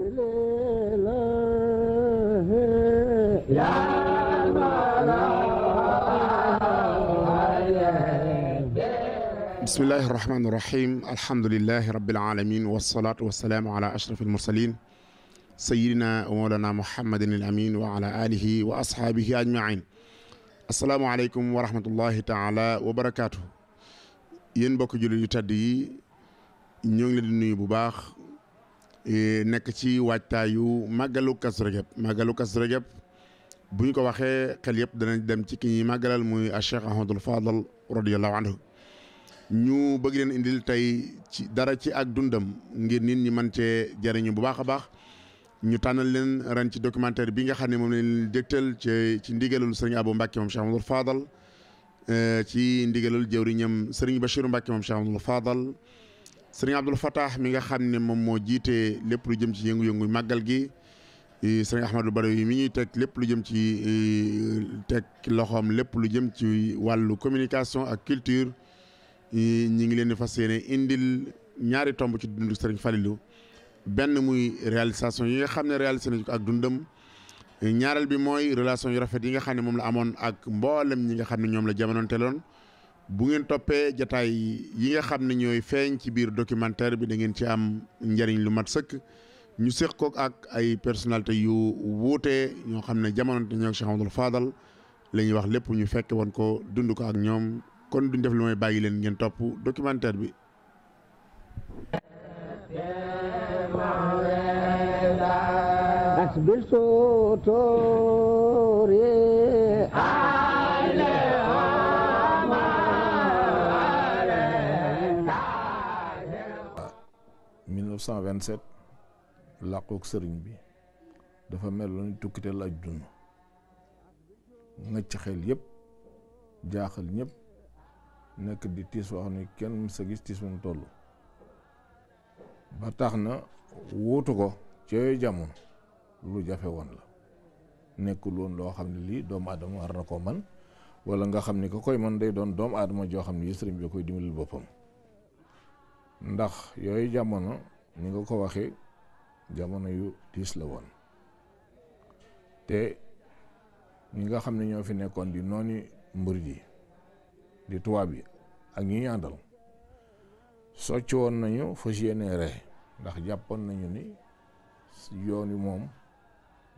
بسم الله الرحمن الرحيم الحمد لله رب العالمين والصلاة والسلام على أشرف المرسلين سيدنا ومولانا محمد الأمين وعلى آله وأصحابه أجمعين السلام عليكم ورحمة الله تعالى وبركاته yéen mbokk jullit yu tedd yi E, nekk ci waajtaayu màggalu Kazu Rajab màggalu Kazu Rajab bu ñu ko waxee xel yëpp danañ dem ci ki ñuy màggalal muy Cheikh Ahmadul Fadal radiyallahu anhu ñu bëgg leen indil tey ci dara ci ak dundam ngir nit ñi mën cee jëriñu bu baax a baax ñu tànnal leen ren ci documentaire bi nga xam ne moom leen dégtal ci ci ndigalul sëriñ Abou Mbacke moom Cheikh Ahmadul Fadal e, ci ndigalul jëwriñam sëriñ Bachir Mbacke moom Cheikh sëriñ Abdul Fattah mi nga xam ne moom moo jiitee lépp lu jëm ci yëngu-yëngu màggal gi sëriñ Ahmadou Badawi yi mi ñuy teg lépp lu jëm ci teg loxoom lépp lu jëm ci wàllu communication ak culture ñi ngi leen di fas yéene indil ñaari tomb ci dundu seriñ Falilou benn muy réalisation yi nga xam ne réalisé nañ ko ak dundam ñaareel bi mooy relation yu rafet yi nga xam ne moom la amoon ak mboolem ñi nga xam ne ñoom la jamonoonteeloon bu ngeen toppee jataay yi nga xam ne ñooy feeñ ci biir documentaire bi da ngeen ci am njariñ lu mat sëkk ñu séq ko ak ay personnalité yu wuute ñoo xam ne jamono te ñoo Cheikh Amadou Fadal la ñuy wax lépp ñu fekk woon ko dund ko ak ñoom kon duñ def lu may bàyyi leen ngeen topp documentaire bi 1927 làqoog sëriñ bi dafa mel ni tukkiteel ak dund ngëcc xel yëpp jaaxal ñépp nekk di tiis wax ni kenn mësa gis tiis mu toll ba tax na wuutu ko ci yooyu jamono lu jafe woon la nekkul woon loo xam ne lii doomu aadama war na koo man wala nga xam ni ko koy man day doon doomu adama joo xam ne yi sëriñ bi koy dimbalil boppam ndax yooyu jamono ni nga ko waxee jamono yu diis la woon te ñi nga xam ne ñoo fi nekkoon di nooni mbër ji di tubaab yi ak ñu àndal socc woon nañu fas yéene ree ndax jàppoon nañu ni yoon wi moom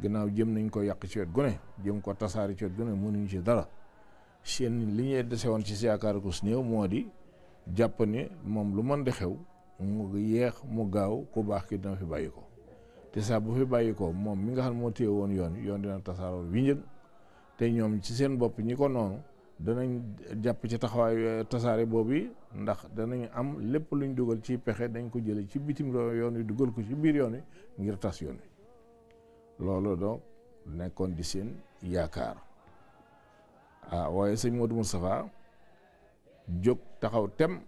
gannaaw jëm nañ ko yàq ci wet gune jëm ko tasaari ci wet gune mënuñ ci dara seen li ñuy dese woon ci si yaakaar ko su néew moo di jàpp ni moom lu mën di xew mu yéex mu gaaw ku baax ki dina fi bàyyi ko te saa bu fi bàyyi ko moom mi nga xam moo téye woon yoon yoon dina tasaaroo wi njëg te ñoom ci seen bopp ñi ko noonu danañ jàpp ci taxawaay eh, tasaare boobu yi ndax danañu am lépp luñ dugal ci pexe dañ ko jële ci bitim yoon yi dugal ko ci biir yoon yi ngir tas yoon yi loolu donc nekkoon di seen yaakaar ah waaye sëñ Modou Moustapha jóg taxaw tem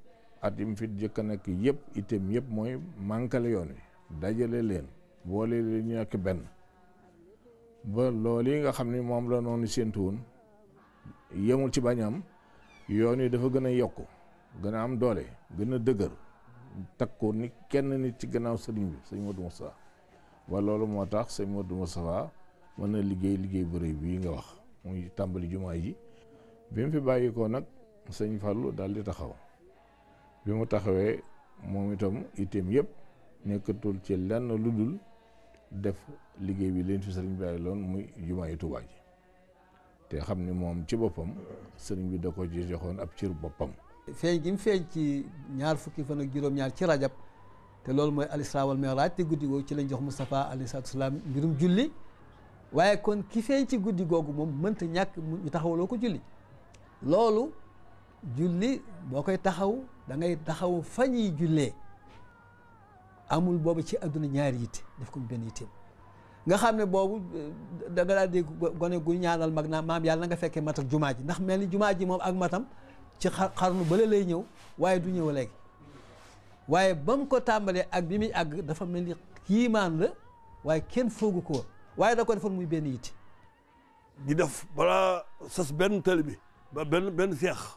at yim fi jëkk nekk yëpp itam yëpp mooy mànkale yoon wi dajale leen boole leen ñu benn ba loolu yi nga xam ni moom la noonu séentu woon yemul ci bañ am yoon wi dafa gën a yokk gën a am doole gën a dëgër takkoo ni kenn nit ci gannaaw sëriñ bi sëñ Modou Moustapha ba loolu moo tax sëñ Modou Moustapha mën na liggéey liggéey bu rëy bii nga wax muy tàmbali jumaa yi bi mu fi bàyyi nag sëñ Fallou daal di taxaw bi mu taxawee moom itam itam yëpp nekkatul ci lenn lu dul def liggéey bi leen fi sëriñ bi loon muy jumaa yi Tuubaa ji te xam ni moom ci boppam sëriñ bi da ko ci joxoon ab cir boppam feeñ gi mu feeñ ci ñaar fukki fan ak juróom-ñaar ci rajab te loolu mooy alisra wal miraaj te guddi googu ci lañ jox Moustapha alayhi salaatu salaam mbirum julli waaye kon ki feeñ ci guddi googu moom mënta ñàkk ñu taxawaloo ko julli loolu julli boo koy taxaw dangay taxaw fa yi jullee amul boobu ci àdduna ñaari yitte def ko mu benn yitteem nga xam ne boobu eh, da nga dégg di gone gu ñaanal mag naa maam yàlla nga fekkee matal jumaa ji ndax mel ni jumaa ji moom ak matam ci xarnu bële lay ñëw waaye du ñëw léegi waaye bam ko tàmbalee ak bi muy àgg dafa mel ni kiimaan la waaye kenn foogu ko waaye da ko defoon muy benn yitte di def balaa sas benn tali bi ba benn benn seex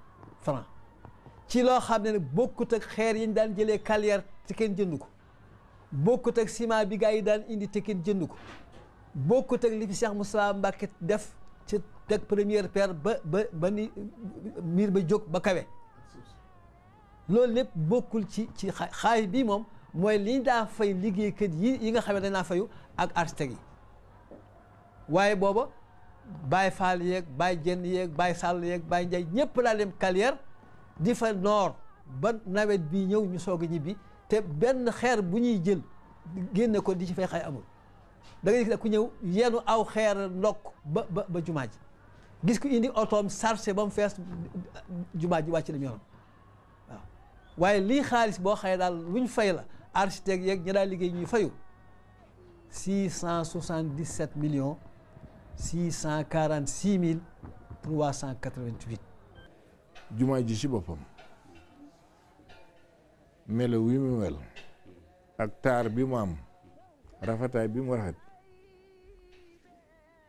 francs ci loo xam ne nag bokkut ak xeer yi ñu daan jëlee carrière te kenn jënd ko bokkut ak ciment bi gars yi daan indi te kenn jënd ko bokkut ak li fi Cheikh Moussa Mbacke def ci teg première pierre ba ba ba ni miir ba jóg ba kawe loolu lépp bokkul ci ci xaay bi moom mooy li ñu daa fay liggéeykat yi yi nga xam danaa dañ ak architecte yi waaye booba Baye Fall yeeg baay Jenn yeeg baay sàll yeeg baay Ndiaye ñëpp laa dem carrière di fa noor ba nawet bi ñëw ñu soog a ñibbi te benn xeer bu ñuy jël génne ko di ci fay xay amul da ngay gis ku ñëw yenu aw xeer ndokk ba ba ba jumaa ji gis ku indi otoom sarse ba mu fees jumaa ji wàcc na ñoom waaye lii xaalis boo xëyee daal luñ fay la architecte yeeg ñi daal liggéey ñuy fayu 677 million six cent quarante six mille trois cent quatre vingt jumaa ji ci boppam melo wi mu mel ak taar bi mu am rafetaay bi mu rafet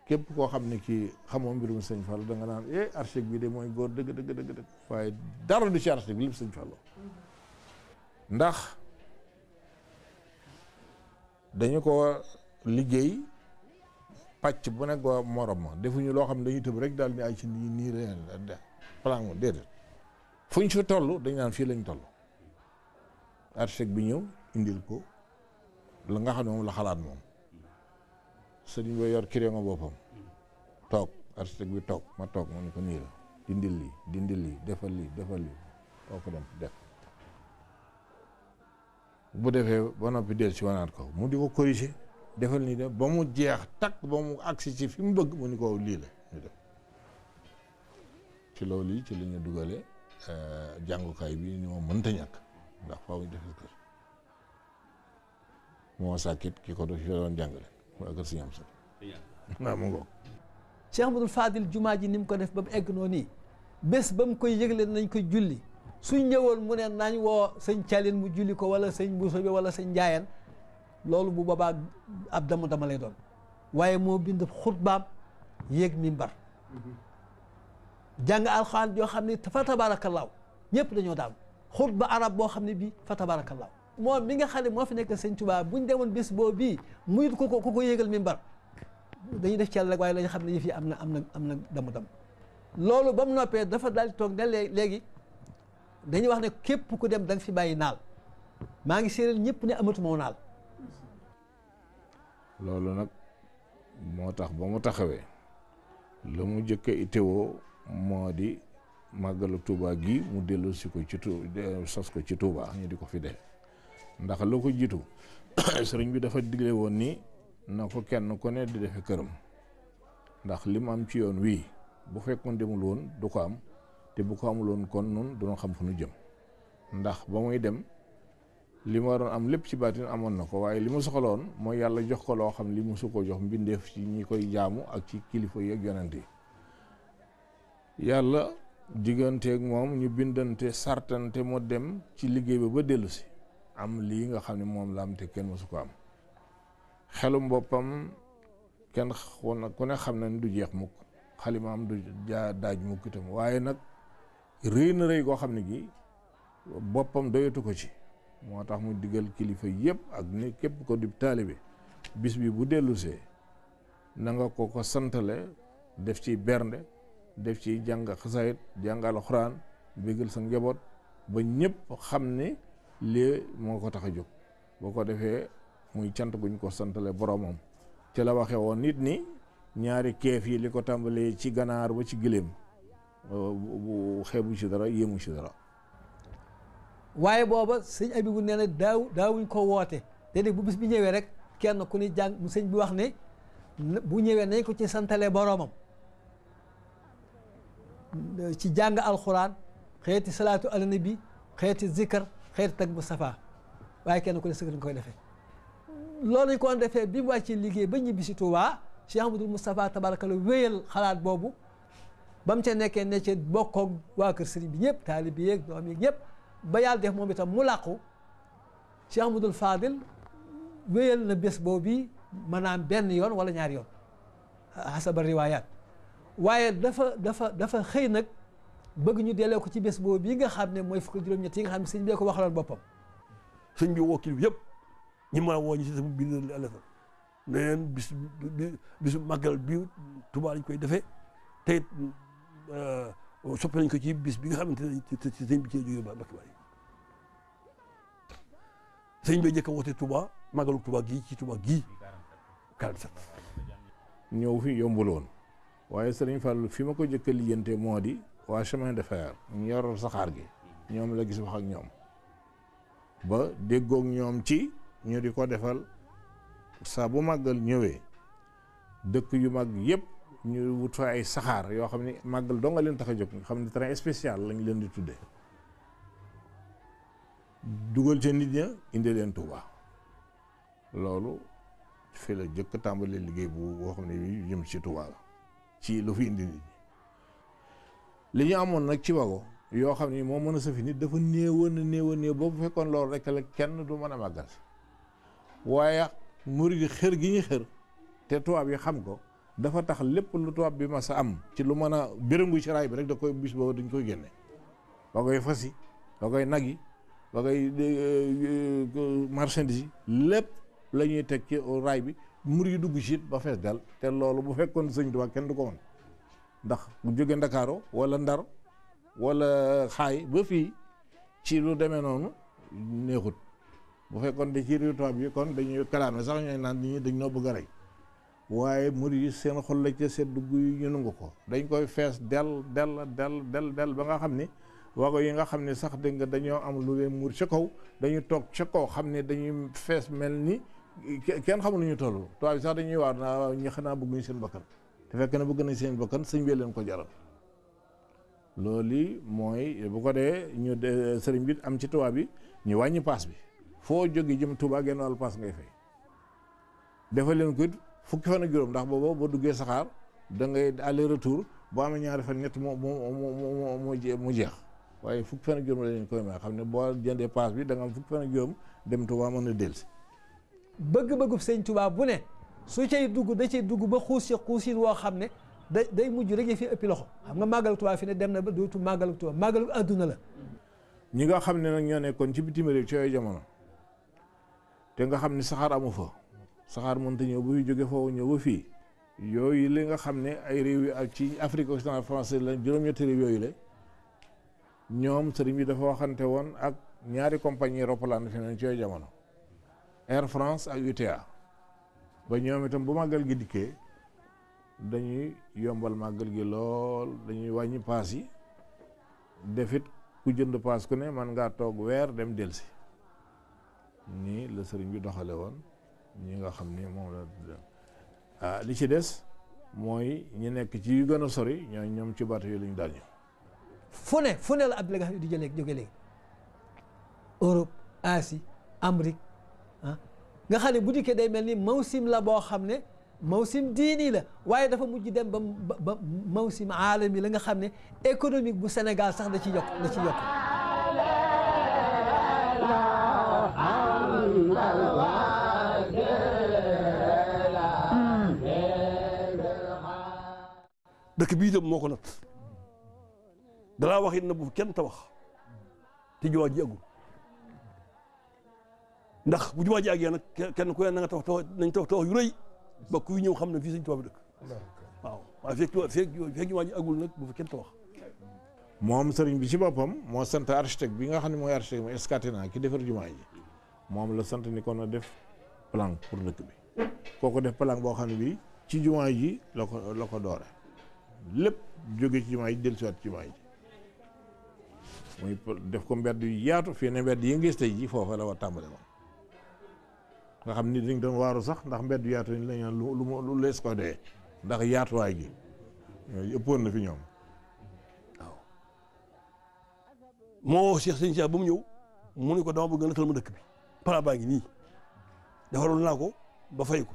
képp koo xam ne kii xamoo mbirum sëñ Fallou da nga naan eh archive bi de mooy góor dëgg dëgg dëgg dëgg waaye dara du ci archive bi lépp sëñ Fallou ndax dañu ko liggéey pàcc bu nekk morom ma defuñu loo xam ne dañuy tëb rek daal ni ay ci nii nii la plan moom déedéet fuñ fi toll dañ naan fii lañu toll architecte bi ñëw indil ko la nga xam ne moom la xalaat moom sëriñ ba yor kiré ma boppam toog architecte bi toog ma toog ma ne ko nii la dindil lii dindil lii defal lii defal lii kooku dem def bu defee ba noppi del si wanaat ko mu di ko corriger defal nii def ba mu jeex takk ba mu agsi ci fi mu bëgg mu ni ko lii la ñu def ci loolu yi ci la ñu euh, jàngukaay bi ni mënta ñàkk ndax faaw ñu defal kër moo sàkkit ki ko doon doon jàngale waa kër si ñam sax waaw mu ngoog jumaa ji ni ko def ba mu egg noonu nii koy yëgle nañ koy julli suñ ñëwoon mu ne nañ woo sëñ mu julli ko wala sëñ Bousso bi wala sëñ Ndiayane loolu bu boobaa ab damu dama lay doon waaye moo bind xutbaam yéeg mimbar jàng alxuraan yoo xam ne fa tabaarakallaahu ñëpp dañoo daal xutba arab boo xam ne bii fa tabaarakallaahu moom mi nga xam ne moo fi nekk sëñ Tuubaa buñ demoon bis boo bii muy ko ku ko yéegal mimbar dañuy def ci yàlla xam ne yëf am na am na am na damu dam loolu ba mu noppee dafa dal toog ne léegi dañuy wax ne képp ku dem da nga fi bàyyi naal maa ngi séeréer ñëpp ne amatuma naal loolu nag moo tax ba mu taxawee la mu jëkk a itewoo moo di màggalu Touba gi mu dellu si ko ci tu sos ko ci Touba ñu di ko fi def ndax loo ko jiitu sëriñ bi dafa digle woon ni na ko kenn ku ne di defe këram ndax li am ci yoon wii bu fekkoon demul woon du ko am te bu ko amuloon woon kon nun duna xam fu nu jëm ndax ba muy dem li ma doon am lépp ci baatin amoon na ko waaye li ma soxaloon mooy yàlla jox ko loo xam li mosu ko jox mbindeef ci ñi koy jaamu ak ci kilifa yi ak yonent yi yàlla digganteek moom ñu bindante sartante moo dem ci liggéey ba ba dellu si am lii nga xam ne moom la am te kenn mosu ko am xelum boppam kenn ku ne xam na ni du jeex mukk xalima am du jaa daaj mukk waaye nag rëy na rëy koo xam ne gi boppam doyatu ko ci moo tax mu digal kilifa yëpp ak ni képp ko di taalibe bis bi bu dellusee nanga nga ko ko santale def ci bernde def ci jàng xasaayit jàng alxuraan bégal sa njaboot ba ñëpp xam ne lii moo ko tax a jóg boo ko defee muy cant guñ ko santale boromam ci la waxe woon nit ni ñaari keef yi li ko tàmbalee ci ganaar ba ci giléem uh, bu xeebu ci dara yéemu ci dara waaye booba sëñ Abibu nee na daaw daawuñ ko woote déedéet bu bis bi ñëwee rek kenn ku ni jàng mu sëñ bi wax ne bu ñëwee nañ ko ci santale boroomam ci jàng alxuraan xeeti salaatu ala nabi xeeti zikkar xeeti tag bu safaa waaye kenn ku ne sëkk nga koy defee loolu ñu ko defee bi mu wàccee liggéey ba ñibbi si Tuubaa Cheikh Amadou Moustapha tabarakalla wéyal xalaat boobu ba mu ca nekkee ne ca bokkoog waa kër sëriñ bi ñëpp taalib bi yeeg doom yeeg ñëpp ba yàlla def moom itam mu làqu Cheikh Ahmadul Fadil wéyal na bés boobu maanaam benn yoon wala ñaari yoon xasaba riwaayaat waaye dafa dafa dafa xëy nag bëgg ñu delloo ko ci bés boobu bii nga xam ne mooy fukki juróom-ñett yi nga xam ne sëñ bi ko waxaloon boppam. sëñ bi woo kilifa yëpp ñi ma woo ñu si sama bind la alëfa ne leen bis bi bisu màggal bi Tuubaa lañ koy defee te it soppi nañ ko ci bis bi nga xamante ne ci sëñ bi cee jógee ba Mbacke sëñ bi njëkk a woote Touba màggalu Touba gii ci Touba gii 47. ñëw fi yombul woon waaye Serigne Fallou fi ma ko njëkk a lijjante moo di waa chemin de fer ñu yor saxaar gi ñoom la gis wax ak ñoom ba déggook ñoom ci ñu di ko defal saa bu màggal ñëwee dëkk yu mag yëpp ñu wut fa ay saxaar yoo xam ne màggal doo nga leen tax a jóg xam ne train spécial lañu leen di tuddee. dugal ca nit ña indi leen Touba loolu fii la jëkk tàmbali liggéey bu boo xam ne bi jëm ci Touba la ci lu fi indi nit ñi li ñu amoon nag ci wago yoo xam ne moo mën a safi nit dafa néewoon a néewoon néew boobu fekkoon loolu rek la kenn du mën a màggal si waaye murid xër gi ñu xër te tubaab yi xam ko dafa tax lépp lu tubaab bi mas a am lu mën a béréngu ci raay bi rek da koy bis boobu dañ koy génne wagoy fas yi wagoy nag yi ba ngay euh, euh, euh, marchandise yi lépp lañuy ñuy teg ci raay bi mur yi dugg ci ba fees dal te loolu bu fekkoon sëñ Tuubaa kenn du ko woon ndax bu jóge ndakaaru wala Ndar wala xaay ba fii ci lu demee noonu neexut bu fekkoon da ci réew bi kon dañuy kalaame sax ñooy naan nit ñi dañ noo bëgg a rey waaye mur yi seen xol la ca sedd guy ñu nangu ko dañ koy fees del del del del del ba ngaa xam ni wago yi nga xam ne sax dégg nga dañoo am lu leen muur ca dañu toog ca kaw xam ne dañuy fees mel ni kenn xamul lu ñu toll tubaab bi sax dañuy waar naa waaw ñi xanaa bëgguñu seen bakkan te fekk na bëgg nañ seen bakkan sëñ bi leen ko jaral loolu mooy bu ko dee ñu sëriñ bi am ci tubaab bi ñu wàññi paas bi foo jóge jëm Touba genn wàllu paas ngay fay dafa leen ko it fukki fan ak juróom ndax booba boo duggee saxaar da ngay aller retour boo amee ñaari fan ñett mu mu mu mu jeex waaye fukki fan ak juróom la leen koy may xam ne boo jëndee paas bi da nga am fukki fan ak juróom dem Touba mën a dellusi bëgg-bëggub sëñ Touba bu ne su cay dugg da cay dugg ba xuus ci xuusin woo xam ne day day mujj rek fi ëppi loxo xam nga màggalu ne dem na ba dootu màggalu Touba màggalu la ñi nga xam ne nag nekkoon ci bitim réew ci yooyu jamono nga xam ne saxaar fa saxaar mënta ñëw bu jóge foofu ñëw fii yooyu li nga xam ne ay réew yi ak ci Afrique occidentale française la juróom-ñetti réew yooyu la ñoom sëriñ bi dafa waxante woon ak ñaari compagnie roplan fi ne ci jamono Air France ak UTA ba ñoom itam bu màggal gi dikkee dañuy yombal màggal gi lool dañuy wàññi paas yi defit ku jënd paas ku ne man ngaa toog weer dem delsi ni le sëriñ bi doxale woon ñi nga xam ni moom la ah, li ci des mooy ñi nekk ci yu gën sori ñoo ñoom ci bato yi fu fune fu ne la abdullah di jëlee jóge léegi Europe Asie Amérique ah. nga xam ne bu dikkee day mel ni mawsim la boo xam ne mawsim diini la waaye dafa mujj dem ba ba mawsim aalami la nga xam ne économique bu senegal sax da ci yokk da ci yokk dëkk bii dem moo ko nat danaa wax it na bu kenn tawax te jumaa ji àggul ndax bu jumaa ji àggee nag kenn ku ne na nga tabax tabax nañ tabax tabax yu rëy ba kuy ñëw xam ne fii sëñ Tuubaa bi dëkk waaw waaye fekk fekk fekk jumaa ji àggul nag bu fa kenn tabax moom sëriñ bi ci boppam moo sant architecte bi nga xam ne mooy architecte mooy Escatina ki defar jumaa ji moom la sant ni ko na def plan pour dëkk bi ko def plan boo xam ne bi ci jumaa ji la ko la ko doore lépp jóge ci jumaa ji dellusiwaat ci muy def ko mbedd yu yaatu fii ne mbedd yi ngis tey ji foofa la war tàmbale woon nga xam ni dañ doon waaru sax ndax mbedd yaatu yi la ñaan lu lu lees ko dee ndax yaatuwaay gi ëppoon na fi ñoom waaw moo Cheikh Sëñ Cheikh ñëw mu ne ko dama ma dëkk bi plan baa ngi nii defaroon naa ko ba fay ko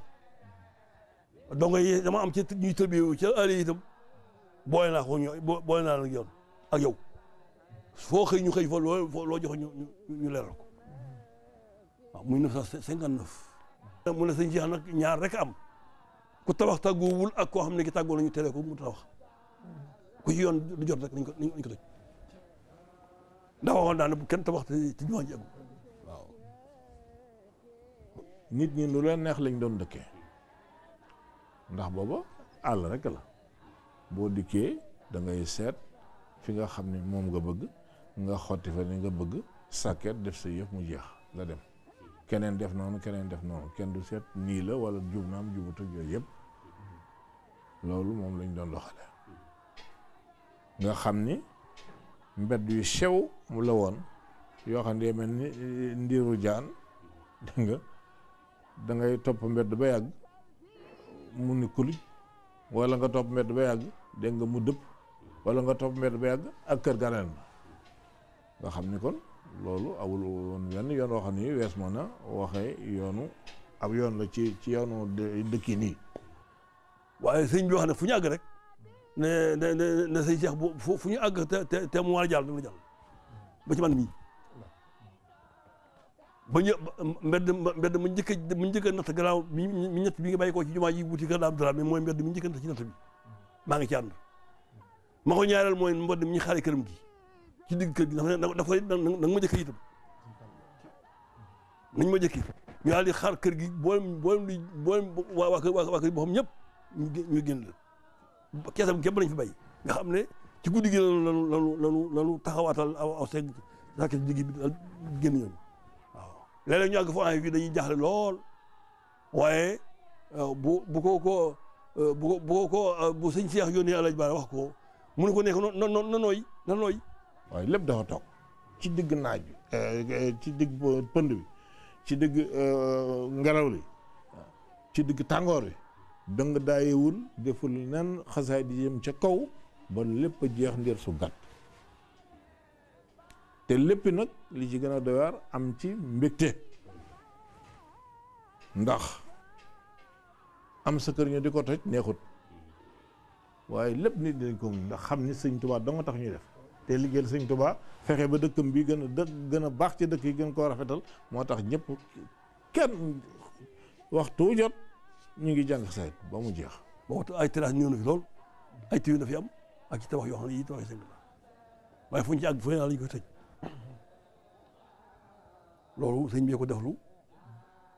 donc dama am ci ñuy tëbbi ci àll yi itam boole naa ko ñoo boole naa ak yoon ak yow foo xëy ñu xëy fa loo loo joxe ñu ñu leeral ko waaw muy 1959. mu ne sëñ Cheikh nag ñaar rek am ku tabax tàggoowul ak koo xam ne ki tàggoo nañu tere ko mu tabax ku ci yoon du jot rek nañ ko nañ ko toj ndax waxoon naa ne bu kenn tabax te ci jumaa ji agul waaw. nit ñi lu leen neex lañ doon dëkkee ndax booba àll rek la boo dikkee da ngay seet fi nga xam ne moom nga bëgg. nga xotti fa li nga bëgg sàkket def sa yëf mu jeex la dem keneen def noonu keneen def noonu kenn du seet nii la wala jub naam jubatu yooyu yëpp loolu moom lañ doon doxale nga xam ni mbedd yu sew mu la woon yoo xam ne mel ni eh, ndiiru jaan dégg nga da ngay topp mbedd ba yàgg mu ni kuli wala nga topp mbedd ba yàgg dégg nga mu dëpp wala nga topp mbedd ba yàgg ak kër nga xam ni kon loolu awul woon wenn yoon woo xam ni wees moo na waxee yoonu ab yoon la ci ci yoonu dëkk nii waaye sëñ bi wax ne fu ñu àgg rek ne ne ne sëñ Cheikh bu fu ñu àgg te te mu war a jàll dama jàll ba ci man mii ba ñu mbedd mbedd mu njëkk a mu njëkk a natt gannaaw mi ñett bi nga bàyyi koo ci jumaa ji wuti kër daam dara mooy mbedd mu njëkk natt ci natt bi maa ngi ci ànd ma ko ñaareel mooy mbedd mi ñu xaaree këram gi ci digg kër gi da koy da nga ma jëkkee itam nañ ma jëkkee ñu daal di xaar kër gi boolem boolem di boolem waa kër waa kër boppam ñëpp ñu génn la keesam képp lañ fi bay nga xam ne ci guddi gi la lanu lanu lanu taxawaatal aw aw seeg sàkk ci digg bi daal génn ñoom waaw léeg ñu àgg foo xam ne fii dañuy jaaxle lool waaye euh, bu bu ko ko euh, bu ko bu ko euh, bu sëñ Cheikh yónnee Alaaji wax ko mu ne ko nekk na nooy na nooy waaye lépp dafa toog ci digg naaj bi eh, ci digg pënd bi ci digg eh, ngelaw li ci digg tàngoor bi dëng daayewul deful nen xasaay di jëm ca kaw ba lépp a jeex ndir su gàtt te lépp nag li ci gën a doy am ci mbégte ndax am sa kër ñu di ko toj neexut waaye lépp nit dañ ko ndax xam ni sëñ Tuubaa da tax ñuy def te liggéeyal sëñ Tuubaa fexe ba dëkkam bi gën a dëkk gën a baax ci dëkk yi gën koo rafetal moo tax ñëpp kenn waxtu jot ñu ngi jàng sayt ba mu jeex. moo tax ay terrasse ñëw na fi lool ay tuyaux am ak ci tabax yoo xam ne sëñ la waaye fu ñu ci àgg fu ne la ñu koy tëj loolu sëñ bi ko deflu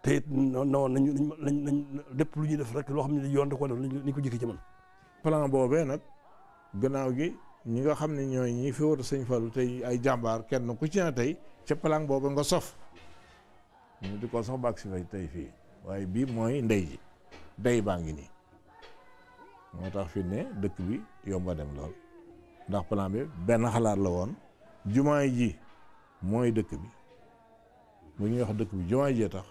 te it noonu nañu nañu nañu lépp lu ñuy def rek loo xam ne yoon da koo def nañu ko jëkkee ci man. plan boobee nag gannaaw gi. ñi nga xam ne ñooy ñi fi war a sëñ Fallou tey ay jàmbaar kenn ku ci na tey ca palang booba nga sof ñu di ko sax baag si fay tey fii waaye bii mooy ndey ji day baa ngi nii moo tax fi ne dëkk bi yomba dem lool ndax plan bi benn xalaat la woon jumaay ji mooy dëkk bi bu ñu wax dëkk bi jumaay jee tax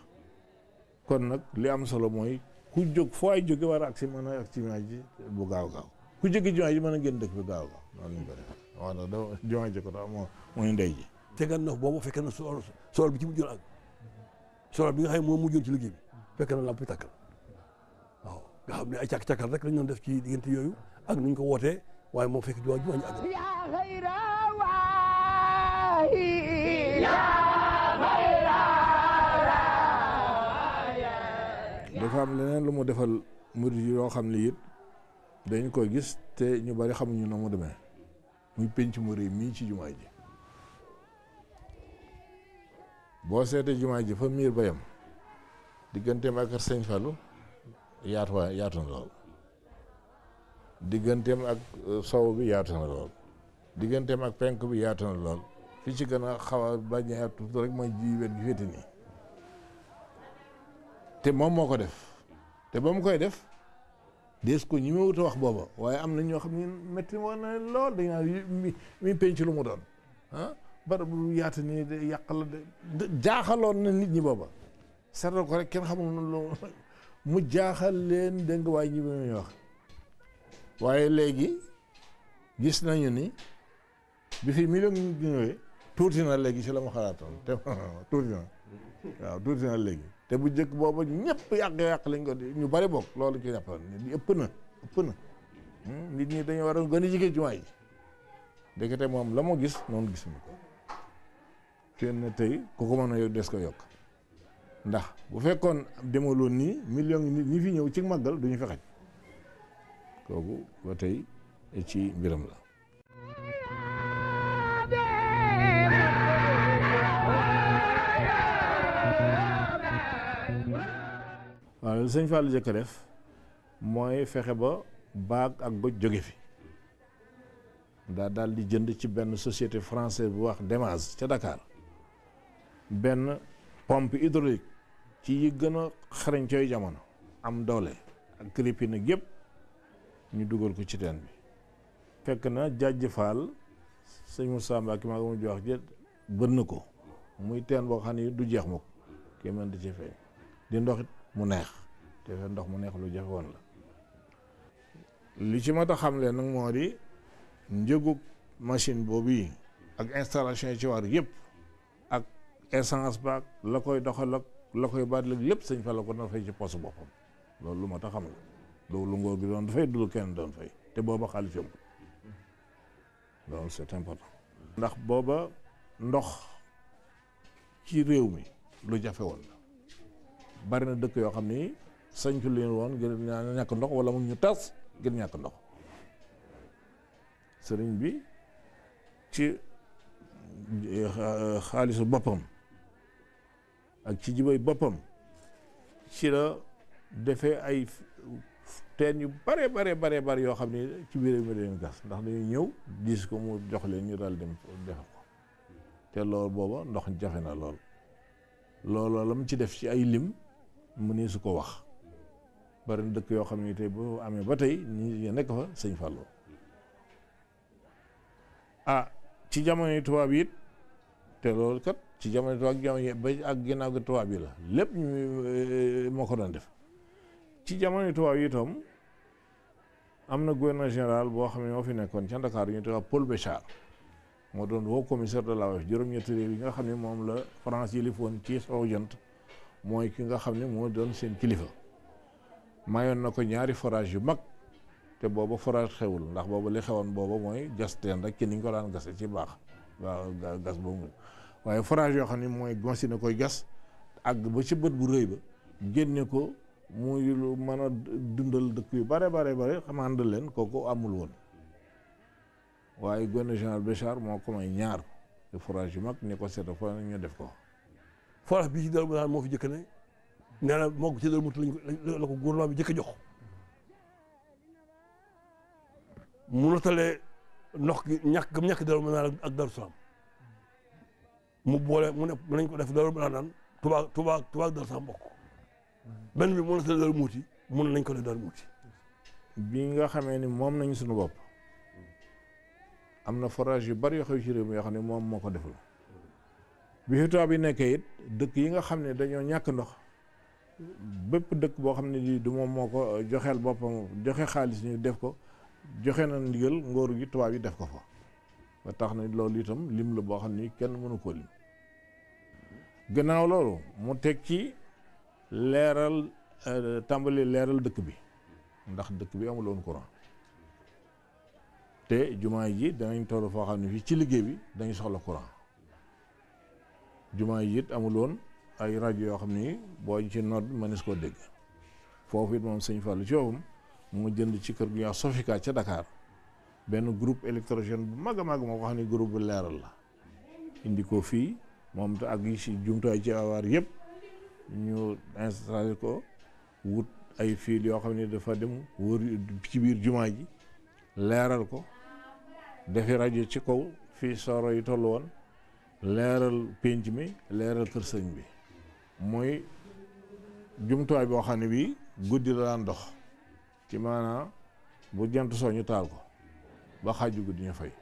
kon nag li am solo mooy ku jóg foo ay jóge war ak agsi mën a agsi jumaay ji bu gaaw gaaw ku jóge jumaay ji mën a génn dëkk bi gaaw gaaw noonu waaw da da ko daal moo mooy ndey ji. cinquante neuf boobu fekkee na sool sool bi ci mujjoon ak sool bi nga xam ne moom mujjoon ci liggéey bi fekkee na lamp xam ne ay càkk rek la ñu def ci diggante yooyu ak nuñ ko wootee waaye moom fekk jumaa jumaa ñu àgg dafa am leneen lu mu defal murid yi yoo xam ne it dañ koy gis te ñu bari xamuñu na mu demee muy penc mu rëy mii ci jumaa ji boo seetee jumaa ji fa miir bayam digganteem ak sëñ Fallou yaatu waa yaatu na lool digganteem ak euh, sow bi yaatu na lool digganteem ak penk bi yaatu na lool fi ci gën a xaw a bañ a tuuti rek mooy ji féete nii te moom moo ko def te ba koy def des ko ñi ma wut wax booba waaye am na ñoo xam ne métti woon na lool dañ naan mi penc lu mu doon ah barab bu yaata nii de yàq la de jaaxaloon na nit ñi booba seetal ko rek kenn xamul lu mu jaaxal leen dégg nga waaye ñi ma ñuy wax waaye léegi gis nañu ni bi fi million ñëwee tuuti na léegi ci la ma xalaatoon te tuuti na waaw tuuti na léegi te bu njëkk boobu ñëpp yàq yàq lañ ko ñu bari bokk loolu ci jàppoon ni ëpp na ëpp na hmm, nit ñi dañoo war a gën a jege jumaa yi ndekete moom la moo gis noonu gisuñu ko na tey ku ko mën a yow des ko yokk ndax bu fekkoon demaloon nii million nit ñi fi ñëw ci maggal duñu fexej kooku ba tey ci mbiram la li sëñ Fallou jëkk def mooy fexe ba baag ak goj jóge fi daa daal di jënd ci benn société française bu wax Demaz ca Dakar benn pompe hydraulique ci yi gën a xarañ cooy jamono am doole ak crépine ak yëpp ñu dugal ko ci teen bi fekk na jàjj Fall sëñ Moussa Mbacke maa ngi mu wax jë bën ko muy teen boo xam ne du jeex mukk kii mën di ci feeñ di ndoxit mu neex te ndox mu neex lu jafe woon la li ci mata xam xamle nag moo di njëgu machine boobu yi ak installation yi ci war yëpp ak essence baag la koy doxal ak la koy baat lépp sëñ fa la ko doon fay ci poste boppam loolu lu mat a xamle loolu lu ngóor gi doon dafay dul kenn doon fay te booba xaalis yomb loolu c'est important ndax booba ndox ci réew mi lu jafe woon la bari na dëkk yoo xam ni sañcu leen woon ngir ñàkk ndox wala mu ñu tas ngir ñàkk ndox sëriñ bi ci euh, xaalisu boppam ak ci jibay boppam ci la defee ay teen yu bare bare bare bare yoo xam ne ci biir mi leen gas ndax dañuy ñëw diis ko mu jox leen ñu daal dem def ko te lool booba ndox jafe na lool looloo lam ci def ci ay lim mu ne su ko wax bari na dëkk yoo xam ne tey boo amee ba tey ñu nekk fa sëñ Fallou ah ci jamono tubaab yit te loolu kat ci jamono tubaab jamono ba ak ginnaaw gi yi la lépp ñu eh, moo ko doon def ci jamono tubaab yi itam am na gouverneur général boo xam ne moo fi nekkoon ca Dakar ñu tubaab Paul moo doon woo commissaire de la OIF yi nga xam ne moom la France yi lifoon ci soow jant mooy ki nga xam ne moo doon seen kilifa. mayoon na ko ñaari forage yu mag te booba forage xewul ndax booba li xewoon booba mooy gas teen rek ci niñ ko daan gase ci baax waaw gas boobu waaye forage yoo xam ne mooy gonsi na koy gas àgg ba ci bët bu rëy ba génne ko muy lu mën a dundal dëkk yu bare bare bare xamande leen kooku amul woon waaye gone général Béchard moo ko may ñaar te yu mag ni ko seeta fo ñu def ko forage bi ci dal bu moo fi jëkk ne nee na moo ko ci dër mutu lañ la ko gouvernement bi jëkk a jox mu notalee ndox gi ñàkk ñakk ñàkk Daaru Manaan ak Daaru Salaam mu boole mu ne nañ ko def Daaru Manaan Tuubaa Tuubaa Tuubaa ak Daaru Salaam bokk benn bi mu Muuti mu ne nañ ko def Daaru Muuti bi nga xamee ni moom nañu suñu bopp am na forage yu bari yoo xew ci réew mi yoo xam ne moom moo ko deful bi tubaab yi nekkee it dëkk yi nga xam ne dañoo ñàkk ndox bépp dëkk boo xam ne lii du moom moo ko euh, joxeel boppam joxe xaalis ñu def ko joxe na ndigal ngoor gi tubaab yi def ko fa ba tax na loolu itam lim la boo xam ni kenn mënu ko lim gannaaw loolu mu teg ci leeral euh, tàmbali leeral dëkk bi ndax dëkk bi amul woon courant te jumaa ji danañ toll foo xam ne fii ci liggéey bi dañu soxla courant jumaa yi it amul ay rajo yoo xam ni boo ci nodd mënees koo dégg foofu it moom sëñ Fallou Thiawam mu jënd ci kër gu ñuy wax Sofika ca Dakar benn groupe électrogène bu mag a mag moo ko xam ne groupe bu leeral la indi ko fii moom te ak yi si jumtuwaay ci awaar yëpp ñu installé ko wut ay fiil yoo xam ne dafa dem wër ci biir jumaa ji leeral ko defi rajo ci kaw fii soro yi tollu woon leeral pénc mi leeral kër sëñ bi mooy jumtuwaay boo xam ne bii guddi la daan dox ci maanaa bu jant soo ñu taal ko ba xaaju guddi ñu fay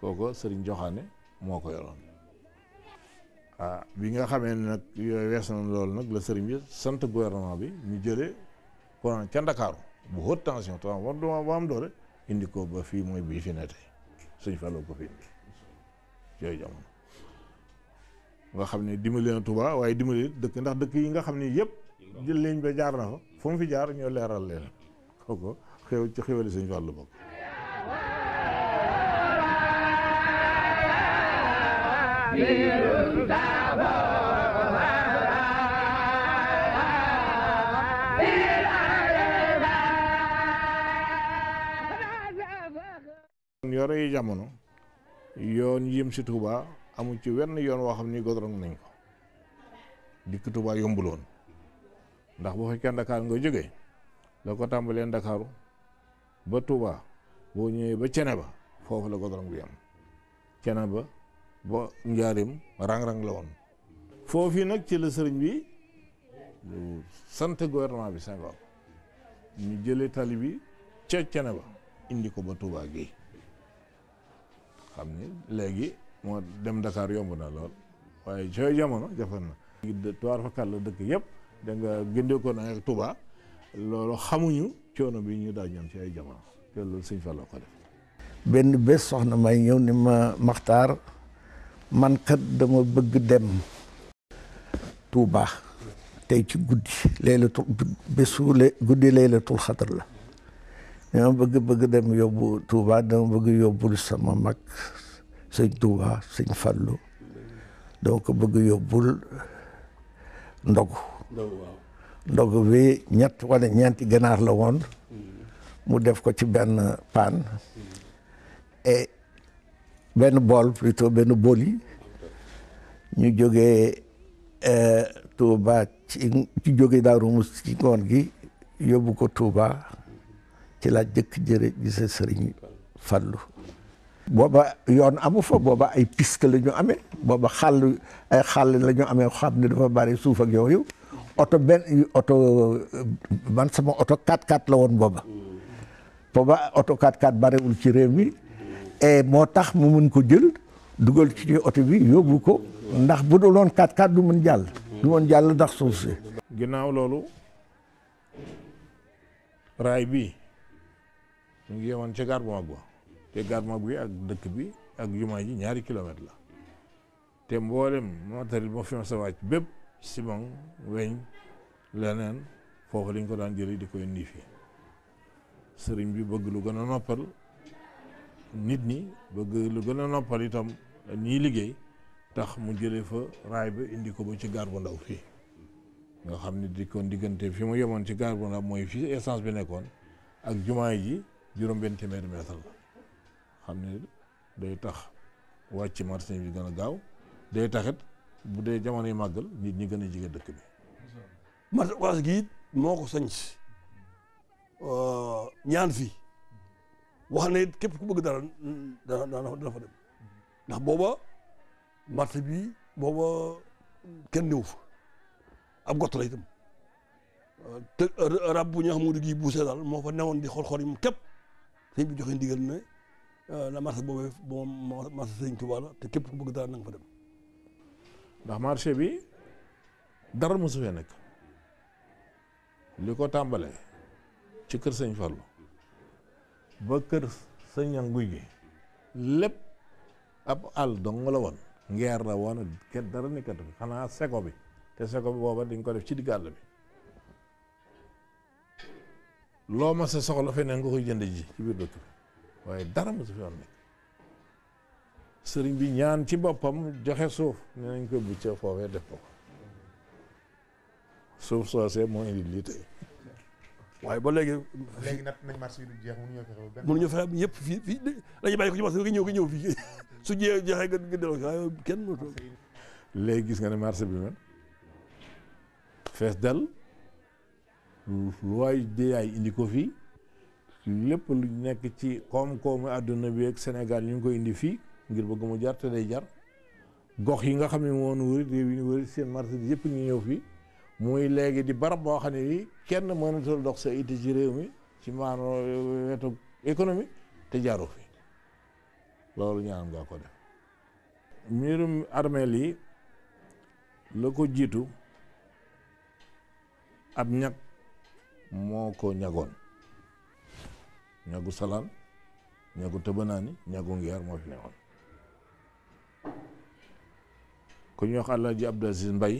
kooku sëriñ joxaane moo ko yoroon ah bi nga xamee ne nag yooyu wees na loolu nag la sëriñ bi sant gouvernement bi ñu jële courant ca Ndakaaru bu haute tension te war duma ba am indi ko ba fii mooy bii fi ne tey suñ fàllu ko fi indi yooyu jamono nga xam ne dimbali na Touba waaye dimbali dëkk ndax dëkk yi nga xam ne yëpp jël liñ ba jaar na fa fu fi jaar ñu leeral leen kooku xew ci xewali Sëñ Fallu bokk yore yi jamono yoon yim si Touba amul ci wenn yoon woo xam ni godrong nañ ko dikk Tuubaa yombul ndax bu fekkee Ndakaar nga jóge la ko tàmbalee Ndakaaru ba Tuubaa boo ñëwee ba cene ba foofu la godrong bi am cene ba ba njaarim rang-rang la woon foofu nag ci la sëriñ bi sant gouvernement bi Senghor ñu jëlee tali bi ca cene ba indi ko ba Tuubaa gi xam ni léegi moo dem Dakar yomb na lool waaye jooy jamono jafe na. tuwaar fa kàll dëkk yëpp da nga a ko nag Touba loolu xamuñu coono bi ñu daal ñoom ci ay jamono te benn bés soxna may ñëw ni ma maxtaar man kat dama bëgg dem Touba tey ci guddi laylatul bésu guddi laylatul xadar la dama bëgg bëgg dem yóbbu Touba dama bëgg yóbbul sama mag sëñ Touba sëñ Fallou donc bëgg yóbbul ndogu ndogu bi ñett wala ñeenti ganaar la woon mu def ko ci benn paan et benn bool plutôt benn boli ñu jóge e, Touba ci jóge Daaru Musti ci ngoon gi yóbbu ko Touba ci la jëkk jëre gise sëriñ Fallou booba yoon amu fa booba ay piste la ñu amee booba xàll ay xàll la ñu amee xam ne dafa bari suuf ak yooyu oto benn oto man sama oto 4 x la woon booba booba oto 4x4 bariwul ci réew mi et moo tax mu mën ko jël dugal ci oto bi yóbbu ko ndax bu dul woon 4 x du mën jàll du mën jàll ndax suuf si ginnaaw loolu raay bi mu ngi yemoon ci gaar bu ba te Gare bi ak dëkk bi ak jumaa ji ñaari kilomètre la te mboolem matériel moo fi ma sa wàcc bépp ciment weñ leneen foofu lañ ko daan jëlee di koy nii fii sëriñ bi bëgg lu gën a noppal nit ñi bëgg lu gën a noppal itam ñiy liggéey tax mu jële fa raay ba indi ko ba ci gaar bu ndaw fii nga xam ni di kon diggante fi mu yemoon ci gaar bu ndaw mooy fi essence bi nekkoon ak jumaa ji juróom-benn téeméeri mètre la xam ne day tax wàcc marché bi gën a gaaw day taxit bu dee jamono yi màggal nit ñi gën a jige dëkk bi marché Ocass gi it moo ko sañc euh, ñaan fii wax ne képp ku bëgg dara dana fa dem ndax booba marché bi booba kenn néew fa ab gott la itam euh, te euh, rab bu ñu xam ne gii buuse moo fa newoon di xor-xor yi mu képp sëñ bi joxe ndigal ne Euh, la marché boobu moom marché Sëñ Tuubaa la te képp bugg bëgg dara na nga fa dem. ndax marché bi dara mosu fee nekk li ko tàmbalee ci kër sëñ Fallou ba kër sëñ Nguy gi lépp ab àll dong la woon. ngeer la woon kenn dara nekkatu fi xanaa sego bi te seko bi booba dañ ko def ci digg àll bi loo ma sa soxla feneen nga koy jënd ji ci biir dëkk bi waaye dara mosu fi woon sëriñ bi ñaan ci boppam joxe suuf ne nañ ko bucca foofee def ko suuf soosee moo indi lii tey waaye ba léegi. léegi nag nañ marché yi du jeex mënuñoo fexe ba. yëpp fii fii dañuy bàyyi ko ci marché bi nga ñëw nga ñëw fii su jeexee jeexee nga nga delloo waaye kenn gis nga ne marché bi man fees dal lu waay dee yaay indi ko fii. lepp lu nekk ci kom kom aduna bi ak senegal ñu ko indi fi ngir bëgg mu jar te day jar gox yi nga xamni mo won wëri rew yi ñu seen marché bi yépp ñu ñëw fi muy légui di barab bo xamni ne bi kenn mënatul dox sa ité ci rew mi ci maano euh, wetu économie te jaru fi loolu ñaan nga ko def mirum armel yi la ko ab ñak moko ñagu salaan ñagu tëbanaani ñagu ngeer moo fi newoon ku ñuy wax Alaaji Abdou Aziz Mbay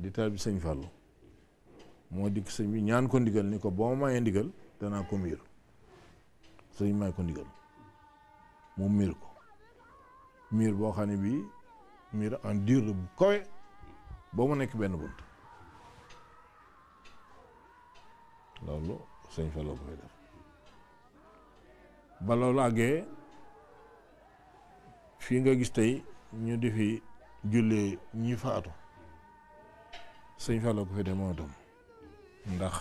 di taal bi sëñ Fàllu moo dikk sëñ bi ñaan ko ndigal ni ko boo ma mayee ndigal danaa ko miir sëñ may ko ndigal mu miir ko miir boo xam ne bii miir en dur bu kawe ba mu nekk benn bunt loolu sëñ Fàllu ko fay def ba loolu àggee fii nga gis tey ñu di fi jullee ñi faatu sëñ Fallou ko fi de moom itam ndax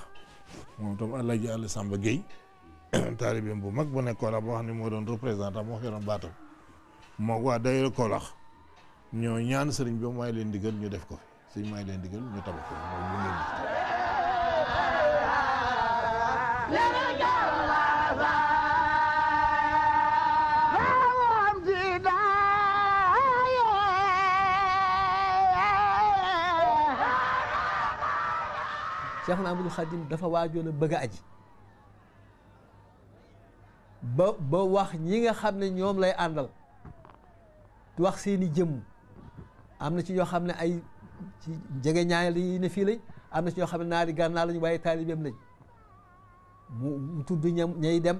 moom itam El Hadj Aliou Samba Guèye taalibeem bu mag bu nekk Kolax boo xam ne moo doon représentant moo fi doon baatam moo waa daayira Kolax ñoo ñaan sëriñ bi mooy leen digal ñu def ko fi sëñ mooy leen digal ñu tabax ko moom Cheikhuna Ahmadul Xadim dafa waajoon a bëgg a aji ba ba wax ñi nga xam ne ñoom lay àndal wax seeni jëmm am na ci ñoo xam ne ay ci jege ñaayal yi ne fii lañ am na ci ñoo xam ne naari gànnaar lañ waaye taalibeem lañ mu tudd ñam ñay dem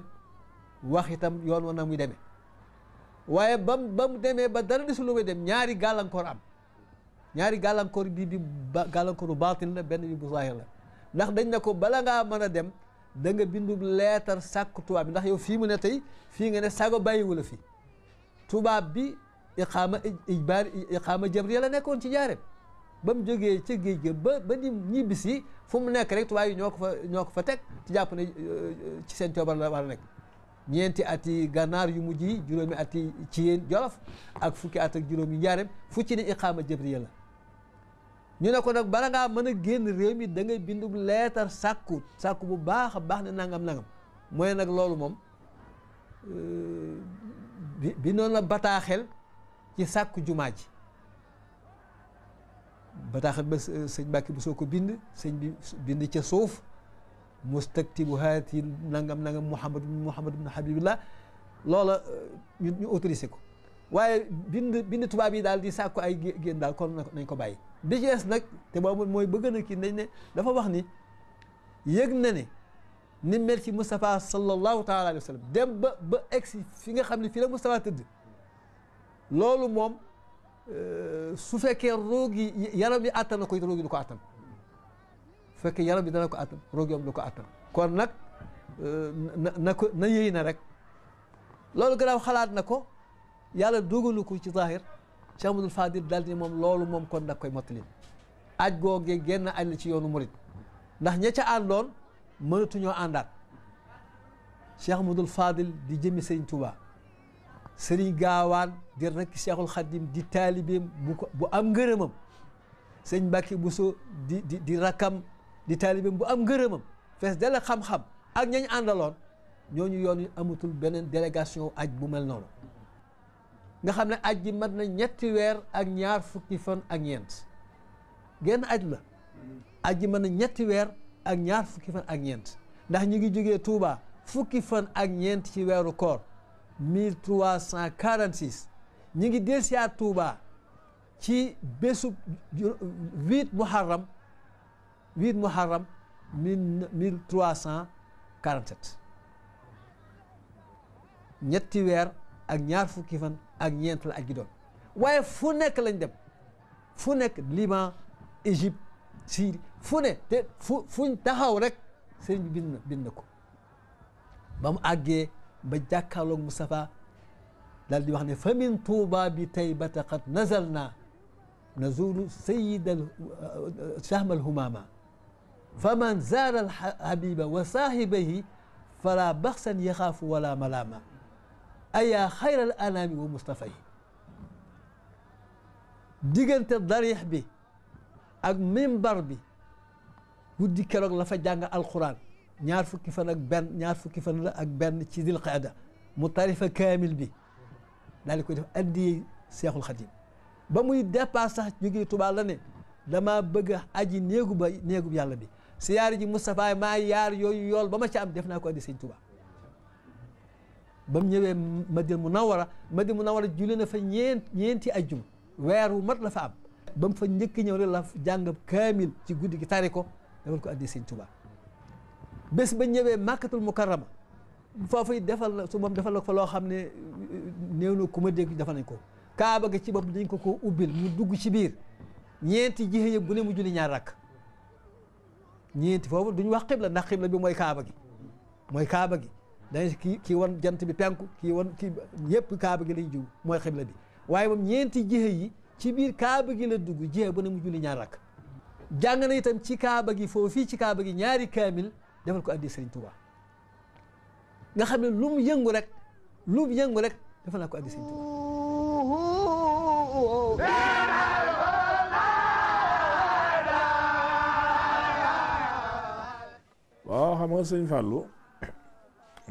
wax itam yoon wa na muy demee waaye ba mu demee ba dara desul lu muy dem ñaari gàllankoor am ñaari gàllankoor bii bi gàllankooru baatin la benn bi bu zaahir la ndax dañ ne ko bala ngaa mën a dem da bindu leetar sàkk tubaab bi ndax yow fii mu ne tey fii nga ne sago bàyyiwu la fi tubaab bi iqaama ijbaar iqaama jamriya la nekkoon ci jaareem ba mu jógee ci géej ga ba ba ni ñibbisi fu mu nekk rek tubaab yi ñoo ko fa ñoo ko fa teg ci jàpp ne euh, ci seen coobar la war a nekk ñeenti ati gànnaar yu mujj yi juróomi ati ci yéen jolof ak fukki at ak juróom juróomi njaareem fu ci ne iqaama jamriya la ñu ne ko nak bala nga mëna a réew mi da ngay bindu lettre sakku sakku bu baax baax na nangam nangam moy nak loolu euh bi non la bataxel ci sakku jumaa ji ba seigne bakki bu soko bind seigne bi bind mustaktibu nangam nangam muhammad muhammad ibn habibullah loola euh, ñu autoriser ko waye bind bind tuba bi dal di sakut ay gen dal kon nañ ko bayyi bi nag te boobu mooy bëgg na kii dañ ne dafa wax ni yëg na ne ni mel ci Moustapha sallallahu taala dem ba ba egsi fi nga xam ne fii la Moustapha tëdd loolu moom euh, su fekkee roog yaram yi àttan na ko yi du ko àttan su fekkee yaram yi dana ko àttan roog yi du ko àttan kon nag euh, na na ko na rek loolu gannaaw xalaat na ko yàlla dogalu ko ci zaahir Cheikh Amadou Fadil dal moom loolu moom kon da koy mottali aj googee génn aj la ci yoonu murit ndax ña ca àndoon mënatuñoo àndaat Cheikh Amadou Fadil di jëmi Serigne Touba Serigne Gaawaan di rekk Cheikhul Khadim di taalibeem bu ko bu am ngërëmam Serigne Mbacke Bousso di di di rakkam di taalibeem bu am ngërëmam fees dala xam-xam ak ñañ àndaloon ñooñu yoon amatul beneen délégation aj bu mel noonu nga xam ne aj mat na ñetti weer ak ñaar fukki fan ak ñeent genn aj la aj gi mat na ñetti weer ak ñaar fukki fan ak ñeent ndax ñu ngi jógee Touba fukki fan ak ñeent ci weeru koor 1346 ñu ngi delsiyaat Touba ci bésub 8 Muharram 8 Muharram 1347 ñetti weer ak ñaar fukki fan ak ñeent la aj gi doon waaye fu nekk lañ dem fu nekk Liban Égypte Syrie fu ne te fu fuñ taxaw rek sëriñ bi bind bind ko ba mu àggee ba jàkkaarloog Moustapha daal di wax ne fa min tuuba bi taybata qad nazal naa نزول سيد شهم الهمامة فمن زار الحبيب وصاحبه فلا بخسا يخاف ولا ملامة أيا خير الأنام ومصطفي ديغنت الضريح بي أك منبر بي ودي كروغ لفا جانغ القرآن نعرف كيف أنك بان نعرف كيف أنك بان تشيدي مطارفة كامل بي ذلك أدي سياخ الخديم بمو يدفع صح يجي تبالني لما بغى أجي نيغو بي نيغو بي سياري جي مصطفى ما يار يول بما دفنا كو دي سيد ba mu ñëwee Madina Munawara Madina Munawara julli na fa ñeent ñeenti ajjuma weer wu mat la fa am ba mu fa njëkk ñëw rek la jàngab kaamil ci guddi gi tari ko dama ko addi Sëñ bés ba ñëwee Màkkatul Mukarrama foofu it defal la su moom defal la ko fa loo xam ne néew na ku ma dégg defal nañ ko kaaba ga ci bopp dañ ko ko ubbil mu dugg ci biir ñeenti jihe yëpp bu ne mu julli ñaar rakk ñeenti foofu duñu wax xibla ndax xibla bi mooy kaaba gi mooy kaaba gi danga kii kii wan jant bi penku kii wan kii kaaba gi la jiw mooy xibla bi waaye moom ñeenti jihe yi ci biir kaaba gi la dugg jihe ba ne mu julli ñaar rakk jàng na itam ci kaaba gi foofu fii ci kaaba gi ñaari kaamil defal ko addi Sëriñ Tuubaa nga xam ne lu yëngu rek lu mu yëngu rek defal naa ko addi Sëriñ Tuubaa waaw